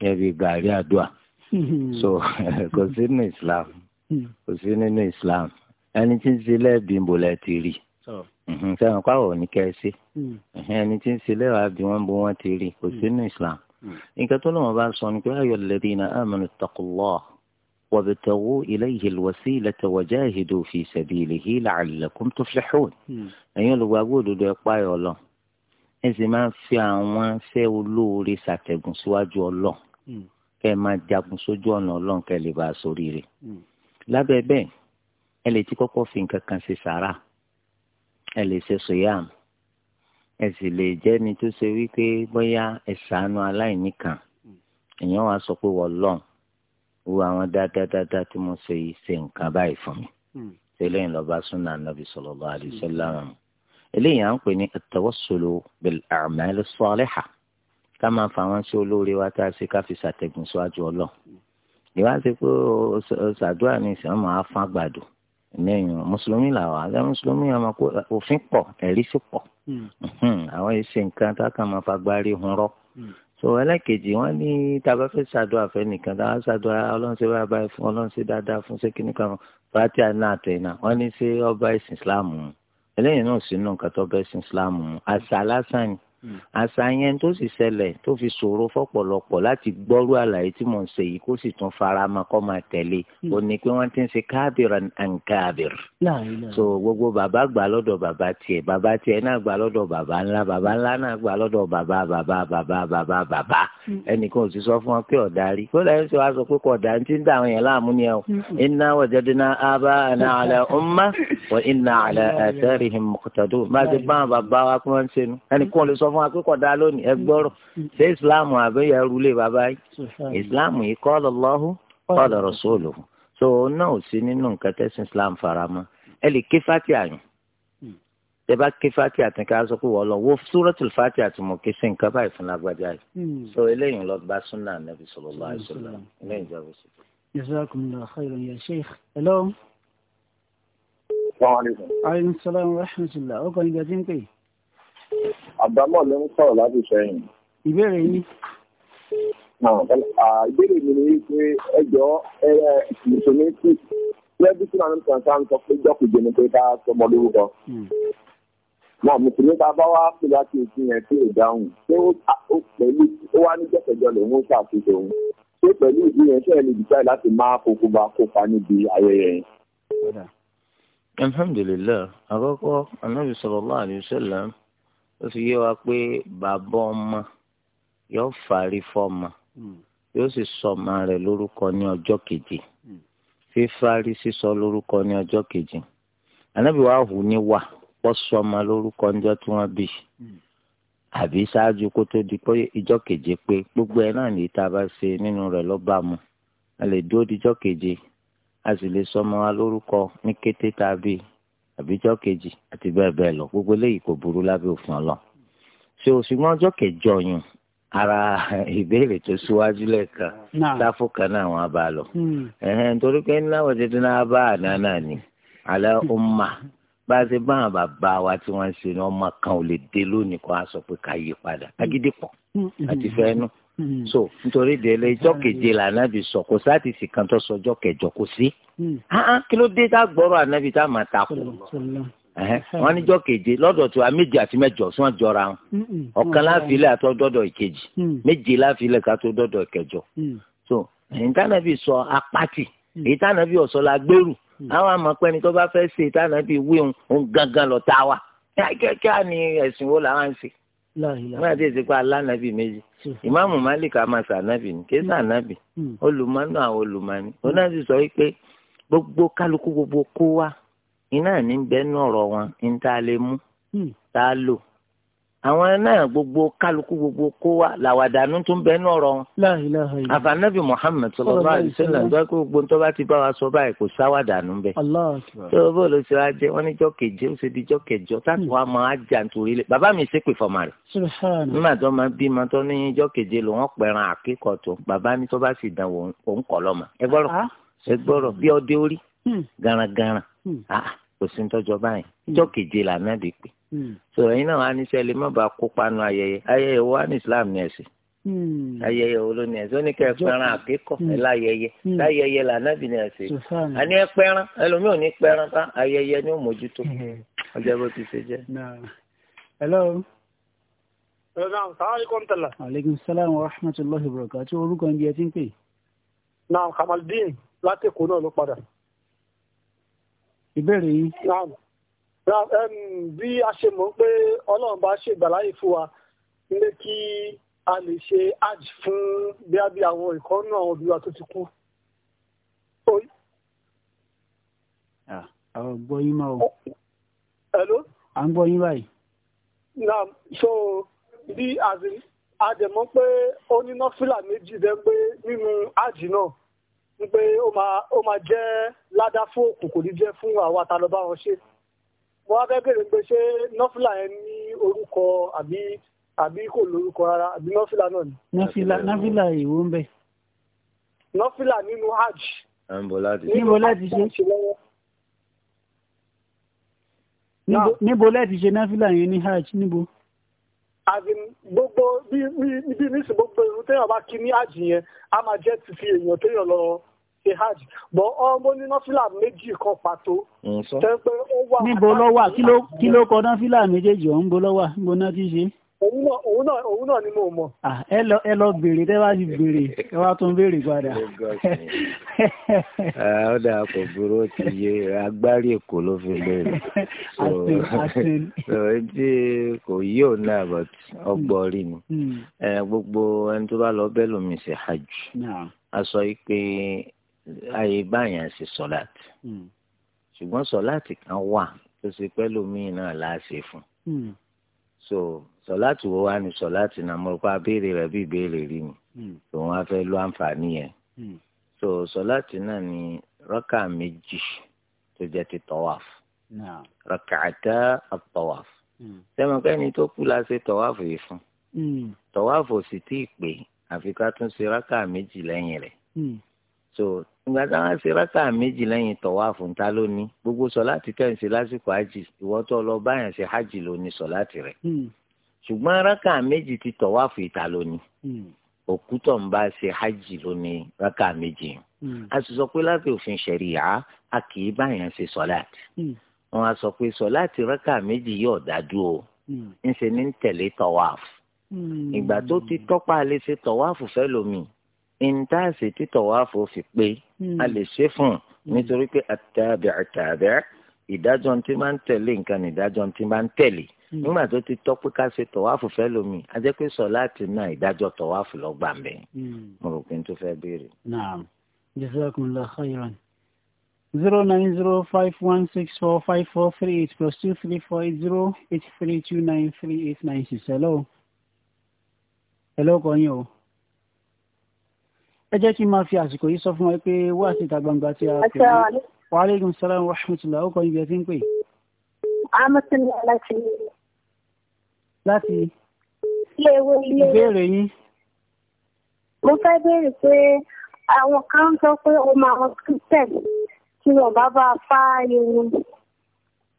ẹbí gàrí àdúrà so kò sí nínú islam kò sí nínú islam ẹni tí ń ṣe lẹ́ẹ̀bí ń bò lẹ́ẹ̀tì rí sẹ́wọ̀n pàwọ̀ ní kẹ́sí ẹni tí ń ṣe lẹ́wàá bí wọ́n bó wọ́n ti rí kò sí hmm. nínú islam hmm. nǹkan tó lọ́wọ́ bá sọ ni pé ayọ̀ lẹ́bí iná amanu taqullah وابتغوا إليه الوسيلة وجاهدوا في سبيله لعلكم تفلحون ẹ̀yin olùgbàgbọ́ òdodo ẹ páyà Ọlọ́run ẹ sì máa ń fi àwọn fẹ́ olóore ṣàtẹ̀gùn síwájú Ọlọ́run kẹ́ ẹ máa jagun sójú ọ̀nà Ọlọ́run kẹ́ ẹ lè bá a ṣoríire lábẹ́ bẹ́ẹ̀ ẹ lè ti kọ́kọ́ fi nǹkan kan ṣe sàrà ẹ lè ṣe sòyàm ẹ sì lè jẹ́ni tó ṣe wípé bóyá ẹ ṣàánú aláìníkan èèyàn wàá sọ pé wọ́n lọ́run wo àwọn dátátátá tí mo ṣe yìí ṣe nǹkan báyìí fún mi hmm. eléyìí lọ́ba súnà nàbì sallallahu alaihi wasallam hmm. eléyìí à ń pè ní at-tawassulu bil a'mal as-salihah ká máa fa wọn sí olóore wa tá a ṣe ká fi ṣàtẹ̀gùn síwájú ọlọ́ ìwà ti pé ṣàdúrà ní ìsìn ọmọ afán gbàdùn lẹ́yìn mùsùlùmí làwọn àgbà mùsùlùmí àmọ́ òfin pọ̀ ẹ̀rí sì pọ̀ hmm. àwọn ìṣe nǹkan tá a kàn máa fagbárí hun rọ́ so ẹlẹ́kejì wọ́n ní tábà fẹ́ ṣàdúrà fẹ́ nìkan tábà ṣàdúrà ọlọ́run ṣe bá báyìí fún ọlọ́run ṣe dáadáa fún ṣékìní kan bàtí àná àtẹ̀yìnà wọ́n ní ṣé ọba ẹ̀sìn islam mu eléyìí náà sínú nǹkan tó bá ẹ̀sìn islam mu àṣà lásán ni àṣà yẹn tó sì ṣẹlẹ̀ tó fi ṣòro fọ́pọ̀lọpọ̀ láti gbọ́rú àlàyé tí mò ń ṣe yìí kó sì tún fara mọ́ kó máa tẹ̀lé o hmm. ní pé wọ́n ti ń ṣe káàbìrì and káàbìrì. so gbogbo bàbá gbà lọ́dọ̀ bàbá tiẹ̀ bàbá tiẹ̀ náà gbà lọ́dọ̀ bàbá ńlá bàbá ńlá náà gbà lọ́dọ̀ bàbá bàbá bàbá bàbá bàbá hmm. ẹnìkan ò sì sọ fún wọn pé ọ̀darí kó lẹ́yìn tí wàá sọ pé kọ̀dà ń ti ń dà àwọn yẹn láàmú ni fún akókò dá lónìí ẹ gbọ́rọ̀ mm-hmm. ṣé ìsìláàmù àbí ẹrú lè bàbá yìí ìsìláàmù yìí qala Allahu qala rasuluhu tó náà ò sí nínú nǹkan tẹ́sán islam faramọ́ ẹ lè ké fati àyàn mm. tẹ bá ké fati àti ká sọ pé wọ́n lọ wo suratul fati àti mo ké sí nǹkan báyìí fún lágbájá yìí mm. so eléyìí lọ bá súnà nàbì sallallahu alaihi wasallam mm. eléyìí jẹ́ bó ṣe. jazakumullahu khairan ya sheikh hello. salaamaleykum. aleykum salaam wa àbámọ̀ ló ń sọ̀rọ̀ láti sẹ́yìn. ìbéèrè yín. ìbéèrè mi ni pé ẹjọ́ mùsùlùmí tí lẹ́bí tí màmí kankan sọ pé jọ́kùjẹ́ ni pé ká sọmọ lórúkọ. Hmm. náà mùsùlùmí tá a bá wá pè láti òfin yẹn tí ò dáhùn ṣé ó pẹ̀lú ó wá ní jẹ́kẹ̀jọ lòun ó ṣàtúnṣe òun ṣé pẹ̀lú ìdí yẹn ṣe é lè dìtà láti máa kókó bá kópa níbi ayẹyẹ yẹn alhamdulilayi àkọ́kọ́ anabi sallallahu alayhi ó sì yé wa pé bàbá ọmọ yóò fàárí fọmọ hmm. yóò sì sọmọ rẹ̀ lórúkọ ní ọjọ́ keje hmm. fífárí sísọ lórúkọ ní ọjọ́ keje ànábì wa hù ní wà pọ́ sọmọ lórúkọ níjọ́ tí wọ́n bí hmm. àbí ṣáájú kó tó di pé ìjọ́ keje pé gbogbo ẹ̀ náà ní ìta bá ṣe nínú rẹ̀ lọ́ba mu a lè dúró dijọ́ keje a sì lè sọmọ wa lórúkọ ní kété tá àbí ọjọ́ kejì àti bẹ́ẹ̀ bẹ́ẹ̀ lọ gbogbo eléyìí kò burú lábẹ́ òfin ọlọ́ ṣé o ṣùgbọ́n ọjọ́ kẹjọ yùn ara ìbéèrè tó síwájú lẹ́ẹ̀kan sáfù kan náà wọn bá lọ hmm. nítorí pé níláwọ̀ títí náà bá àná náà ni alẹ́ ó mà bá a ṣe bá àwọn bàbá wa tí wọ́n ń ṣe ni ọmọ kan ò lè dé lónìí kó a sọ pé ká yí padà agídí pọ̀ hmm. àti fẹ́ẹ́ nù. Hmm. so nítorí délé ìjọ keje lànàbì sọ kò sáàtì sì kan tó sọ ọjọ́ kẹjọ kò sí. Hmm. kí ló dé tá gbọ́rọ̀ ànábì tá máa ta kù wọn níjọ́ keje lọ́dọ̀ tí wa méje àti mẹ́jọ sún àjọra wọn hmm, ọ̀kan láfilẹ̀ àti ọdọ́dọ̀ ìkejì méje láfilẹ̀ ká tó dọ́dọ̀ ìkẹjọ. so ìtànàbì sọ apáti ìtànàbì ọ̀sọ́ la gbèrú àwọn àmọ̀pẹ́ni tó bá fẹ́ ṣe ìtànàbì wíwọ̀n gangan lọ́ta wa kíákíá ni ẹ̀sìn wo làwọn ń ṣe wọn àti ìsìnkú alánàbì méjì ìmáàmù malik amasa anabi ni kéésà anabi olùmọ́nù àwọn olùmọ́ni hmm. òun náà sì sọ wípé gbogbo kálukú gbogbo kó wa iná ní bẹ́ẹ̀ nọ̀rọ̀ wọn ní ta lè mú hmm. ta lò àwọn náà gbogbo kálukú gbogbo kó wa làwàdànù tún bẹ ní ọ̀rọ̀ wọn. La ilaha illallah. àfànàbì muhammed sallallahu alaihi wasallam tó kó gbogbo tó bá ti bá wa sọ báyìí kò sáwàdànù bẹ. tó bó ló ṣe wá jẹ wọn níjọ keje ó ṣe di jọ kẹjọ táàtì wa máa jà nítorí lẹ bàbá mi ṣépè fọmà rẹ. nígbà tó máa bí ma tó ní jọ keje ló wọn pẹran àkíkọ tó bàbá mi tó bá sì dàn òun kọ lọ mà. ẹ gbọ́rọ̀ ah. ẹ gbọ́rọ̀ bí ọdẹ orí hmm. garagara. Hmm. Ah kò sí tọjọ báyìí hmm. ìjọ keje lànà bí pé hmm. so ẹ̀yin náà wà ní sẹlẹ má bàa kópa nu ayẹyẹ ayẹyẹ wo wà ní islam ní ẹsìn hmm. ayẹyẹ wo ló ní ẹsìn ó ní kẹ pẹran àkẹkọ ẹ láyẹyẹ láyẹyẹ lànà bí ní ẹsìn àní ẹ pẹran ẹlòmíràn ní pẹran bá ayẹyẹ ní òmójútó ọjọ́ bó ti ṣe jẹ. hello. Ṣọ́sán, sàwọn àríkọ́m tẹ̀lá. Àlékún sálàmù rahmatullahi wa barakatuh orúkọ ibi ẹ ti ń pè. Náà, Kamaldeen láti Èkó náà ló padà ìbéèrè yìí. bí a ṣe mọ̀ pé ọlọ́run bá ṣègbàláyè fún wa nílé kí a lè ṣe hajj fún bí àwọn ìkọ́nú àwọn òbí wa tó ti kú. àwọn gbọ́ yín máa o. hello. à ń gbọ́ yín báyìí. na so bí a dẹ̀ mọ̀ pé ó ní nọ́fìlà méjì dẹ́ pé nínú hajj náà wípé ó máa jẹ́ ládá fún òkú kò ní jẹ́ fún àwa ta lọ bá wọn ṣe mo wá fẹ́ bèrè pé ṣé nọ́fìlà yẹn ní orúkọ àbí àbí kò lórúkọ rárá àbí nọ́fìlà náà ni. nọ́fìlà nọ́fìlà èwo ń bẹ. nọ́fìlà nínú hajj. níbo láti ṣe níbo láti ṣe nọ́fìlà yẹn ní hajj níbo. àbí gbogbo bí bí nísìnyí gbogbo irun bá kí ní hajj yẹn máa jẹ́ ti fi èèyàn téèyàn lọ ṣe hajj bọ́ ọmọ ní nọ́fìlà méjì kan pàtó. níbo wà kí ló kọ nọ́fìlà méjèèjì ọ̀hún bó ló wà níbo náà ti ṣe. òun náà òun náà ni mo ẹ lọ béèrè tẹ́ bá ti béèrè ẹ wá tún béèrè padà. Oh, ó dà burú ti yé agbárí èkó ló fi béèrè. kò yí òun náà rí ni hmm. gbogbo ẹni àyè báyàn ṣe sọ̀láàtì hmm. ṣùgbọ́n sọ̀láàtì kan wà tó ṣe pẹ́lú míì náà láàṣẹ fún hmm. so sọ̀láàtì wo wá ní sọ̀láàtì náà mo rò pé abéèrè rẹ̀ bí ìbéèrè rí mi tòun hmm. á fẹ́ lo àǹfààní yẹn so sọ̀láàtì náà ní rákà méjì tó jẹ́ ti tọ́wáf rákàtà àtọ́wáf sẹ́wọ̀n kẹ́ni tó kú la ṣe tọ́wáf yìí fún tọ́wáf ò sì tí ì pé àfi ká tún ṣe rákà méjì lẹ́yìn rẹ̀ so ìgbà tí wọn ṣe rákà méjì lẹ́yìn tọwáàfù ńta lónìí gbogbo sọláàtì kẹǹsì lásìkò àjì ìwọ tó lọ báyàn ṣe hajj lónìí sọláàtì rẹ hmm. ṣùgbọ́n rákà méjì ti tọwáàfù ìta lónìí hmm. òkú tó ń bá ṣe hajj lónìí rákà méjì hmm. a sì sọ pé láti òfin ṣẹ̀ríyà a kì í báyàn ṣe sọláàtì wọn a sọ pé sọláàtì rákà méjì yóò dájú o ńṣe ní tẹ̀lé tọwáàfù ìgbà tó ti tọ́pa lè ṣe tọwáàfù fẹ́ lómi ìntàsí títọ̀ wá fòfin pé hmm. a lè ṣe fún un hmm. nítorí pé àtàbẹ̀ àtàbẹ̀ ìdájọ́ tí máa ń tẹ̀lé nǹkan ní ìdájọ́ tí máa ń tẹ̀lé hmm. nígbà tó ti tọ́ pé ká ṣe tọ̀wáfù fẹ́ lomi a jẹ́ pé sọ láti náà ìdájọ́ tọ̀wáfù lọ gbà mẹ́ mo rò pé n tó fẹ́ béèrè. naam jazakumullahu khairan zero nine zero five one six four five four three eight plus two three four eight zero eight three two nine three eight nine six hello hello kò ẹ jẹ́ kí n máa fi àsìkò yìí sọ fún wa pé wá sí ìta gbangba tí a pè é wa aleykum salaam wa rahmatulah ó kọ ibi ẹ ti ń pè. amúsùn láti. láti. ilé ìwé ilé. ìbéèrè yín. mo fẹ́ béèrè pé àwọn kan sọ pé ó máa wọn christian tí wọn bá bá fá irun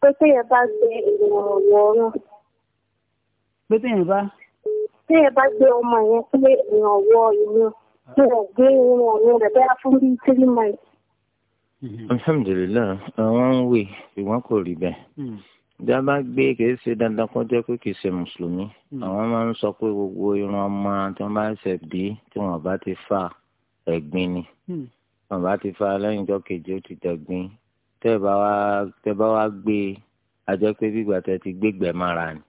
pé téèyàn bá gbé ìrànwọ́ ọ̀run. pé téèyàn bá. téèyàn bá gbé ọmọ yẹn sílé ìrànwọ́ ìrun mo rò gbé irun ọ̀run rẹ̀ bẹ́ẹ̀ fún bíi three months. Mhm. alhamdulilayi àwọn ń wè ṣùgbọ́n kò rí bẹ́ẹ̀ hmm. bí a bá gbé kìí ṣe dandan kó jẹ́ pé kìí ṣe mùsùlùmí hmm. àwọn máa ń sọ pé gbogbo irun ọmọ tí wọ́n bá ṣẹ̀ bí tí wọ́n bá ti fa ẹ̀gbin ni hmm. wọ́n bá ti fa lẹ́yìn ọjọ́ keje ó ti dẹ̀gbin tẹ́ ẹ bá wá gbé a jẹ́ pé bí ìgbà ti gbégbẹ́ mára ni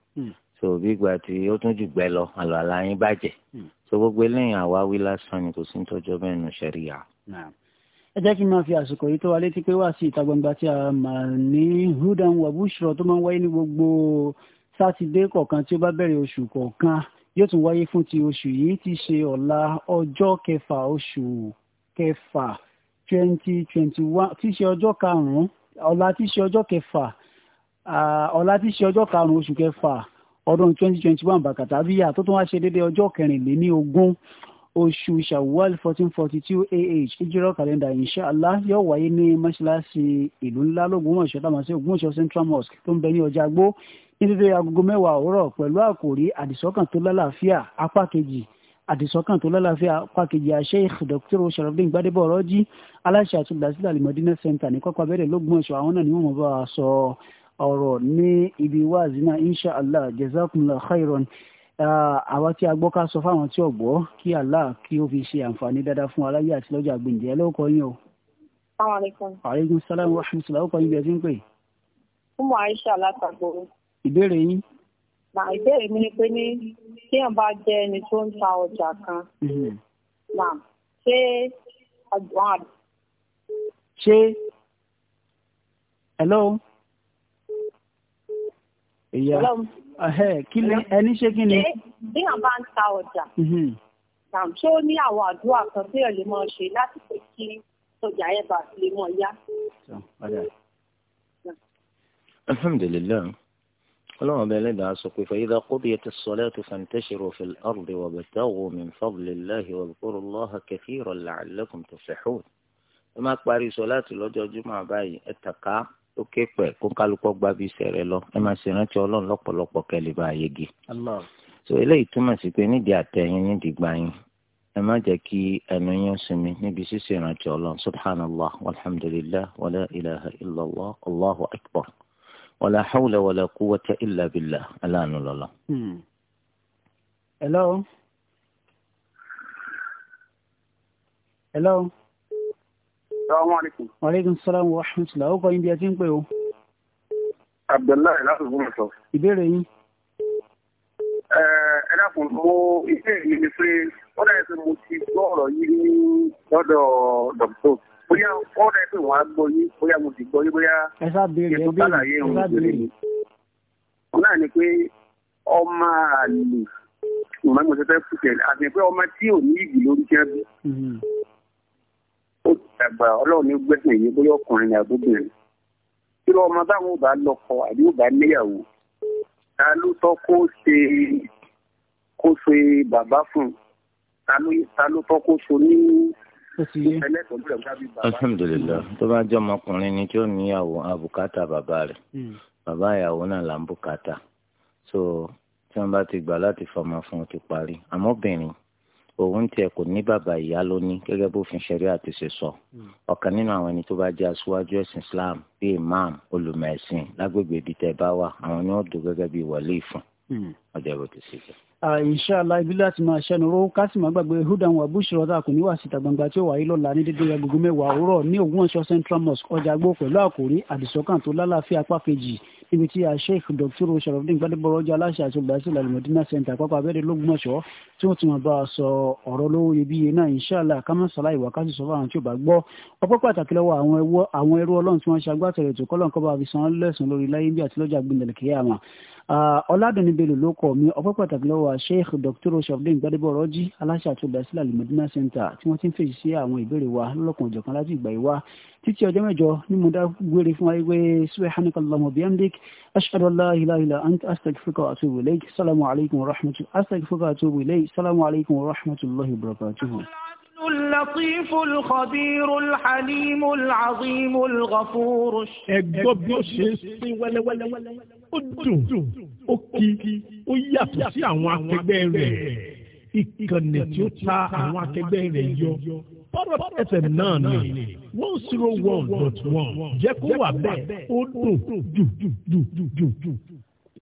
so bí ìgbà tí ó tún jù gbẹ lọ àlọ́ àlá yín bàjẹ́ hmm. so gbogbo eléyìn àwáwí lásán ni kò sí ní tọ́jọ́ bẹ́ẹ̀ nù ṣẹ̀ríyà. ẹ jẹ́ kí n máa fi àsìkò yìí tó wa létí pé wá sí ìta gbangba tí a máa ní hudan wabushro tó máa ń wáyé ní gbogbo sátidé kọ̀ọ̀kan tí ó bá bẹ̀rẹ̀ oṣù kọ̀ọ̀kan yóò tún wáyé fún ti oṣù yìí ti ṣe ọ̀la ọjọ́ kẹfà oṣù kẹfà twenty twenty one ti ṣe ọjọ́ karùn-ún ọ̀la ti ṣe ọjọ́ kẹfà ọ̀la ti ṣe kẹfà ọdún twenty twenty one bàkàtà bíyà tó tún wá ṣe déédéé ọjọ́ kẹrìnléní ogún oṣù shawwal fourteen forty two ah ìjírọ̀ kàlẹ́ndà inshàlá yóò wáyé ní mọ́ṣáláṣí ìlú ńlá lógúnmọ̀ṣọ́ tàmásí ògúnmọ̀ṣọ́ central mosque tó ń bẹ ní ọjà gbó ní déédéé agogo mẹ́wàá òwúrọ̀ pẹ̀lú àkòrí àdìsọ́kàn tó lálàáfíà apá kejì àdìsọ́kàn tó lálàáfíà pàkejì Sheikh Dr. sharafdin gbadebo ọ̀rọ̀jì aláṣẹ àtúndásílẹ̀ alimọ̀dínà center ní kọ́kọ́ abẹ́rẹ́ lógúnmọ̀ṣọ́ àwọn náà ni wọ́n mọ̀ bá a sọ ọ̀rọ̀ ní ibi wáàzì náà insha allah jazakumullah khairan àwa tí a gbọ́ ká sọ fáwọn tí ò gbọ́ kí allah kí ó fi ṣe àǹfààní dáadáa fún aláyé àti lọ́jọ́ àgbèǹdẹ́ lóko yín o. aleykum salaam wa rahmatulah ó kọ́ yín bí ẹ ti ń pè. fúnmọ̀ aisha látàgbò. ìbéèrè yín. na ìbéèrè mi ni pé ní kéèyàn bá jẹ́ ẹni tó ń ta ọjà kan. na mm-hmm. ṣé àgbọn àdùn. ṣé hello ìyá kí ni ẹni ṣé kí ni. bí wọn bá ń ta ọjà mm-hmm. ṣé ó ní àwọn àdúrà kan tí èèyàn lè máa ṣe láti pè kí ọjà yẹn bá lè mọ yá. alhamdulilayi ọlọ́run ọba ẹlẹ́dàá sọ pé فإذا قضيت الصلاة فانتشروا في الأرض وابتغوا من فضل الله واذكروا الله كثيرا لعلكم تفلحون ẹ máa parí sọ láti lọ́jọ́ jùmọ̀ báyìí ẹ tàka ó ké pẹ̀ kó kálukọ́ gba bí sẹ̀rẹ̀ lọ ẹ máa ṣe rántí ọlọ́run lọ́pọ̀lọpọ̀ kẹ́lẹ́ bá so eléyìí túmọ̀ sí pé nídìí àtẹ̀yìn nídìí gbayìn ẹ má jẹ́ kí ẹnu yín sinmi níbi ṣíṣe ìrántí ọlọ́run subhanallah walhamdulillah wala ilaha illallah allahu akbar wala hawla wala quwwata illa billah aláàánú lọ́lọ́. Hmm. hello. hello salaamaleykum. aleykum salaam wa rahmatulah ó kọ́ yín bí ẹ ti ń pè o. abdullahi láti gbọ́n sọ. ìbéèrè yín. ẹ dákun mo iṣẹ́ mi ni pé ó dàbí pé mo ti gbọ́ ọ̀rọ̀ yìí ní lọ́dọ̀ dọ̀tò bóyá ó dàbí pé wọ́n á gbọ́ yín bóyá mo ti gbọ́ yín bóyá ètò kálàyé òun ìbéèrè mi. òun náà ni pé ọmọ àlè ìmọ̀ ìmọ̀ tẹ́tẹ́ fúkẹ́ àti pé ọmọ tí ò ní ìgbì jẹ́ bí. Mm-hmm ó dàgbà ọlọ́run ní gbẹ̀sìn yìí bóyá ọkùnrin ní abóbìnrin kí ló ọmọ táwọn ò bá lọ́kọ àbí ò bá níyàwó ta ló tọ́ kó ṣe kó ṣe bàbá fún ta ló tọ́ kó ṣe ní alhamdulilayi tó bá jẹ́ ọmọkùnrin ni tí ó níyàwó àbùkátà bàbá rẹ̀ hmm. bàbá ìyàwó náà là ń bùkátà so tí wọ́n bá ti gbà láti fọmọ fún ti parí àmọ́ obìnrin òun tiẹ̀ kò ní bàbá ìyá lóní gẹ́gẹ́ bófin ṣẹ̀rí àti ṣe sọ hmm. ọ̀kan nínú àwọn ẹni tó bá jẹ́ aṣáájú ẹ̀sìn Islam bíi imam olùmẹ̀sìn lágbègbè ibi tẹ́ bá wà àwọn ni hmm. wọ́n dò gẹ́gẹ́ bíi wàlíì fún ọjọ́ ìbò tó ṣe jẹ́. ibi láti máa ṣẹnu ró kásì máa gbàgbé hudan wa bushirota Central Mosque ọjà pẹ̀lú àdìsọ́kàn tó apá níbi tí Sheikh Dr. Sharafdin Gbadébọ̀rọ̀ ọjà aláṣẹ àti olùdásílẹ̀ alimọ̀dínà center àpapọ̀ abẹ́rẹ́ lọ́gbọ̀nsọ̀ tí wọ́n ti máa bá a sọ ọ̀rọ̀ lówó iyebíye náà inshàlá kámásálá ìwà kásì sọ fún àwọn tí ò bá gbọ́ ọpọ́ pàtàkì lọ́wọ́ àwọn ẹrú ọlọ́run tí wọ́n ṣe agbátẹrẹ ètò kọ́lọ́ǹkọ́ bá fi san lẹ́sùn lórí láyé bí àtìlọ́jà gbìndẹ̀lẹ̀kẹ́yàmà Ah, ọ̀làdùnní bello ló kọ́ mi ọpẹ́ pàtàkì lọ́wọ́ sheikh dr shafdin gbadebo rọ́jí aláṣẹ àti olùdásílẹ̀ alimọ̀dínà center tí wọ́n ti ń fèsì sí àwọn ìbéèrè wa lọ́lọ́kan ìjọ̀kan láti ìgbà ìwá títí ọjọ́ mẹ́jọ ní mo dá gbére fún wa wípé subhanaka allahumma bihamdik ashhadu an la ilaha illa anta astaghfiruka wa atubu alaykum wa rahmatullahi astaghfiruka wa atubu ilayk assalamu alaykum wa rahmatullahi wa barakatuh اللطيف الخبير الحليم العظيم الغفور ẹgbọ́ bí ó ṣe ń sín wẹ́lẹ́wẹ́lẹ́ ó dùn ó kí ó yàtọ̀ sí àwọn akẹgbẹ́ rẹ̀ ìkànnì tí ó ta àwọn akẹgbẹ́ rẹ̀ yọ bọ́rọ̀ fm náà ni one zero one dot one jẹ́ kó wà bẹ́ẹ̀ ó dùn jù jù jù jù jù.